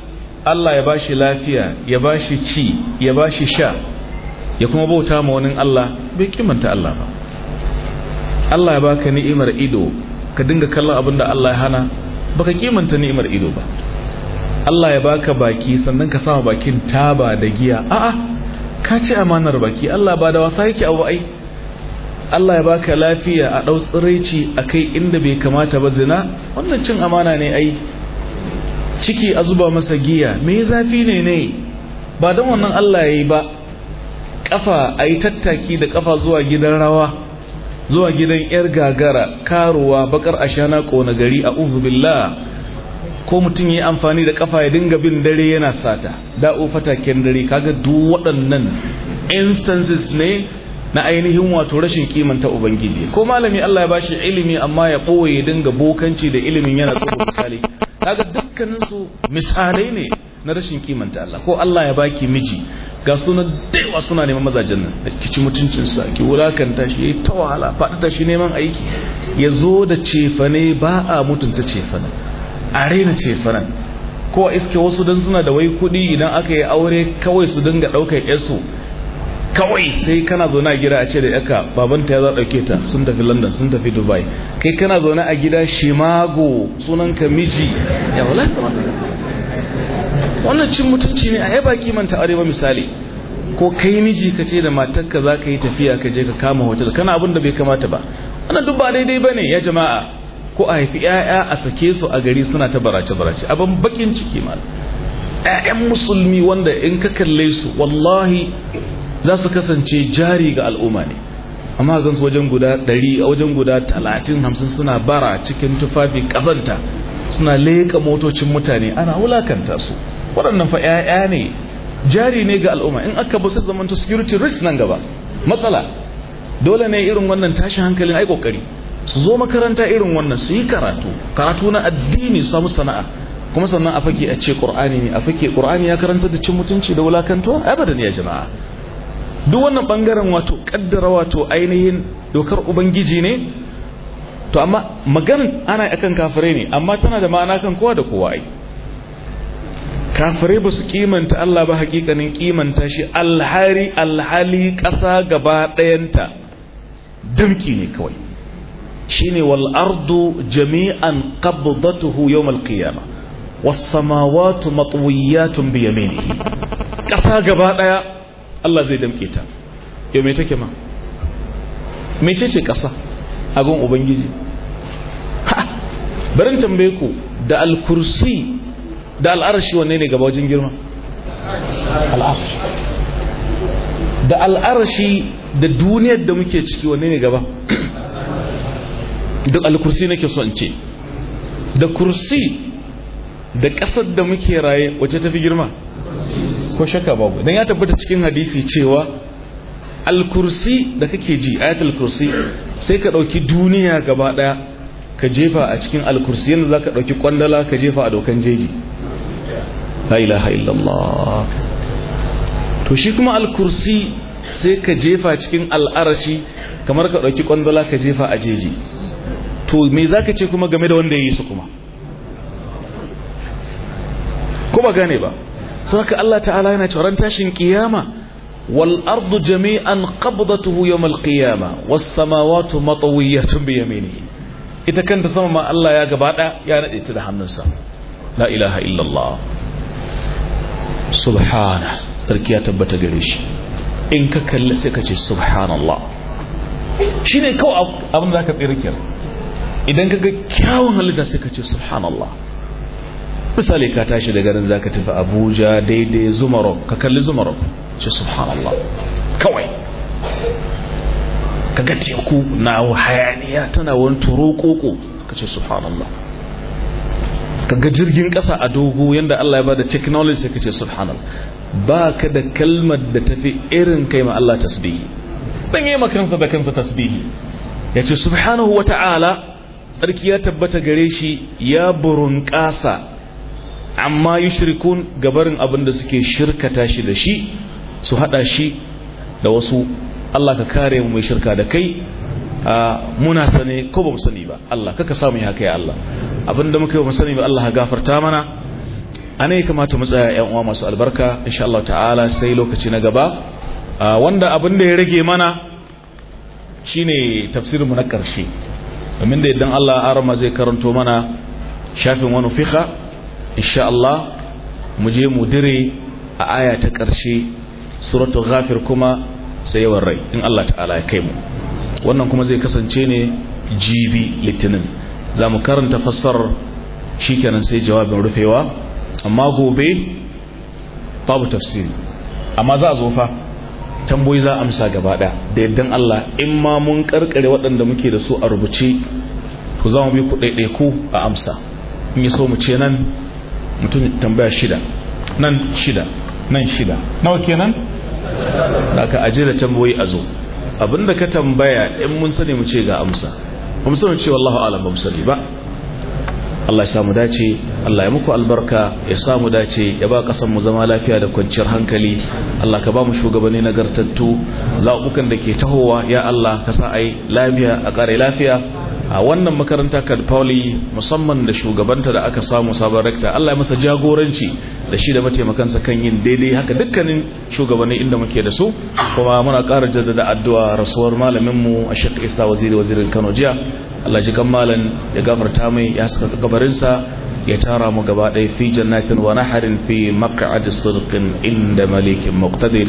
Allah ya bashi lafiya ya bashi ci ya bashi sha ya kuma bauta ma wani Allah bai kimanta Allah ba Allah ya baka ni'imar ido ka dinga kallon abin da Allah ya hana baka kimanta ni'imar ido ba Allah ya baka baki sannan ka sama bakin taba da giya a'a ka ci amanar baki Allah ba da wasa yake abu ai Allah ya baka lafiya a ɗau tsiraici a kai inda bai kamata ba zina wannan cin amana ne ai ciki a zuba masa giya me zafi ne ne ba don wannan Allah ya yi ba ƙafa a tattaki da kafa zuwa gidan rawa zuwa gidan yar gagara karuwa bakar ashana kona gari a uzubillah ko mutum yi amfani da kafa ya dinga bin dare yana sata da'o fataken dare kaga duk waɗannan instances ne na ainihin wato rashin kimanta ubangiji ko malami Allah ya bashi ilimi amma ya ɓoye dinga bokanci da ilimin yana tsoro misali kaga dukkaninsu misalai ne na rashin kimanta Allah ko Allah ya baki miji ga sunan daiwa suna neman mazajen nan da kici mutuncin mutuncinsa ki wulakanta shi yayi ta wahala faɗi ta shi neman aiki ya zo da cefane ba a mutunta cefane a raina cefanen ko iske wasu don suna da wai kuɗi idan aka yi aure kawai su dinga ɗaukar yasu kawai sai kana zaune a gida a ce da yaka babanta ya za ɗauke ta sun tafi london sun tafi dubai kai kana zaune a gida shimago sunanka miji ya wala wannan cin mutunci ne a yi ba manta aure ba misali ko kai miji ka ce da matarka za ka yi tafiya ka je ka kama hotel kana abin da bai kamata ba ana duk ba daidai ba ne ya jama'a ko a haifi 'ya'ya a sake su a gari suna ta barace-barace abin bakin ciki ma. 'ya'yan musulmi wanda in ka kalle su wallahi za su kasance jari ga al'umma ne amma gan su wajen guda 100 a wajen guda 30 50 suna bara cikin tufafi kazanta suna leƙa motocin mutane ana wulakanta su waɗannan fa 'ya'ya ne jari ne ga al'umma in aka basu zamanta security risk nan gaba matsala dole ne irin wannan tashi hankalin ai kokari su zo makaranta irin wannan su yi karatu karatu na addini samu sana'a kuma sannan a fake a ce qur'ani ne a fake qur'ani ya karanta da cin mutunci da wulakanto abadan ya jama'a duk wannan bangaren wato kaddara wato ainihin dokar ubangiji ne to amma maganar ana akan kafirai ne amma tana da ma'ana kan kowa da kowa ai kafirai ba su kimanta Allah ba hakikanin kimanta shi alhari alhali ƙasa gaba ɗayanta dimki ne kawai Shi ne wal'ardu jami'an qabdatuhu yawm al qiyamah was samawati matwiyatun biya yaminihi ƙasa gaba ɗaya Allah zai damke ta yau mai take ma mai ce ƙasa a gun ubangiji ha barin tambaye ku da al-kursi da al'arshi wanne ne gaba wajen girma da al'arshi da duniyar da muke ciki wanne ne gaba duk alkursi nake so in ce da kursi da ƙasar da muke raye wace tafi girma ko shakka babu don ya tabbata cikin hadithi cewa alkursi da kake ji ayatul kursi sai ka ɗauki duniya gaba ɗaya ka jefa a cikin alkursi yadda za ka ɗauki kwandala ka jefa a dokan jeji la ilaha illallah to shi kuma al-kursi sai ka jefa cikin al kamar ka dauki kwandala ka jefa a jeji to me zaka ce kuma game da wanda ya yi su kuma kuma gane ba saboda Allah ta'ala yana cewa ran tashin kiyama wal ardu jami'an qabdatuhu yawm al-qiyama was samawati matawiyatun bi yaminihi ita kanta sama ma Allah ya gabata ya nade ta da hannunsa la ilaha illallah subhana sarki ya tabbata gare shi in ka kalli sai ka ce subhanallah shi ne kawai abin da ka tsira kira idan ka ga kyawun halitta sai ka ce subhanallah misali ka tashi da garin za ka tafi abuja daidai zumarok ka kalli zumarok ce subhanallah kawai ka ga teku na hayaniya tana wani turo koko ka ce subhanallah kaga jirgin kasa a dogo yanda Allah ya bada technology sai kace subhanallah baka da kalmar da tafi irin kai ma Allah tasbihi dan yayi makansa da kansa tasbihi yace subhanahu wata'ala sarki ya tabbata gare shi ya burun kasa amma yushrikun gabarin abin da suke shirkata shi da shi su hada shi da wasu Allah ka kare mu mai shirka da kai ah, muna sane ko ba mu sani ba Allah kaka samu haka ya Allah abinda muka yi masani ba Allah gafarta mana a ne kamata mu tsaya yan uwa masu albarka insha Allah ta'ala sai lokaci na gaba wanda abin da ya rage mana shine tafsirin mu na ƙarshe, domin da idan Allah arama zai karanto mana shafin wani fiha insha Allah mu je mu dire a aya ta ƙarshe suratu ghafir kuma sai yawan rai in Allah ta'ala ya kai mu wannan kuma zai kasance ne jibi litinin za mu karanta fassarar shikenan sai jawabin rufewa amma gobe babu tafsiri amma za a zo fa tamboyi za a amsa gaba da yaddan Allah in ma mun karkare waɗanda muke da su a rubuce ku za mu bi ku ɗaiɗaiku a amsa in yi so mu ce nan mutum tambaya shida nan shida nan shida nawa kenan da ka aje da tamboyi a zo abinda ka tambaya in mun sani mu ce ga amsa ba mu sani cewa Allahu alam ba mu sani ba Allah ya samu dace Allah ya muku albarka ya samu dace ya ba kasan mu zama lafiya da kwanciyar hankali Allah ka ba mu shugabanni nagartattu zaɓukan da ke tahowa ya Allah ka sa ai lafiya a ƙare lafiya a wannan makaranta kadfauli musamman da shugabanta da aka samu sabon rekta allah ya masa jagoranci da shi da mataimakansa kan yin daidai haka dukkanin shugabanni inda muke da su kuma muna ƙara jaddada addu'a rasuwar malaminmu a shekka isa waziri wazirin kano jiya allah jikan malam ya gafarta mai ya saka gabarinsa ya tara mu gaba ɗaya fi jannatin wa naharin fi maq'ad sidqin inda malikin muqtadir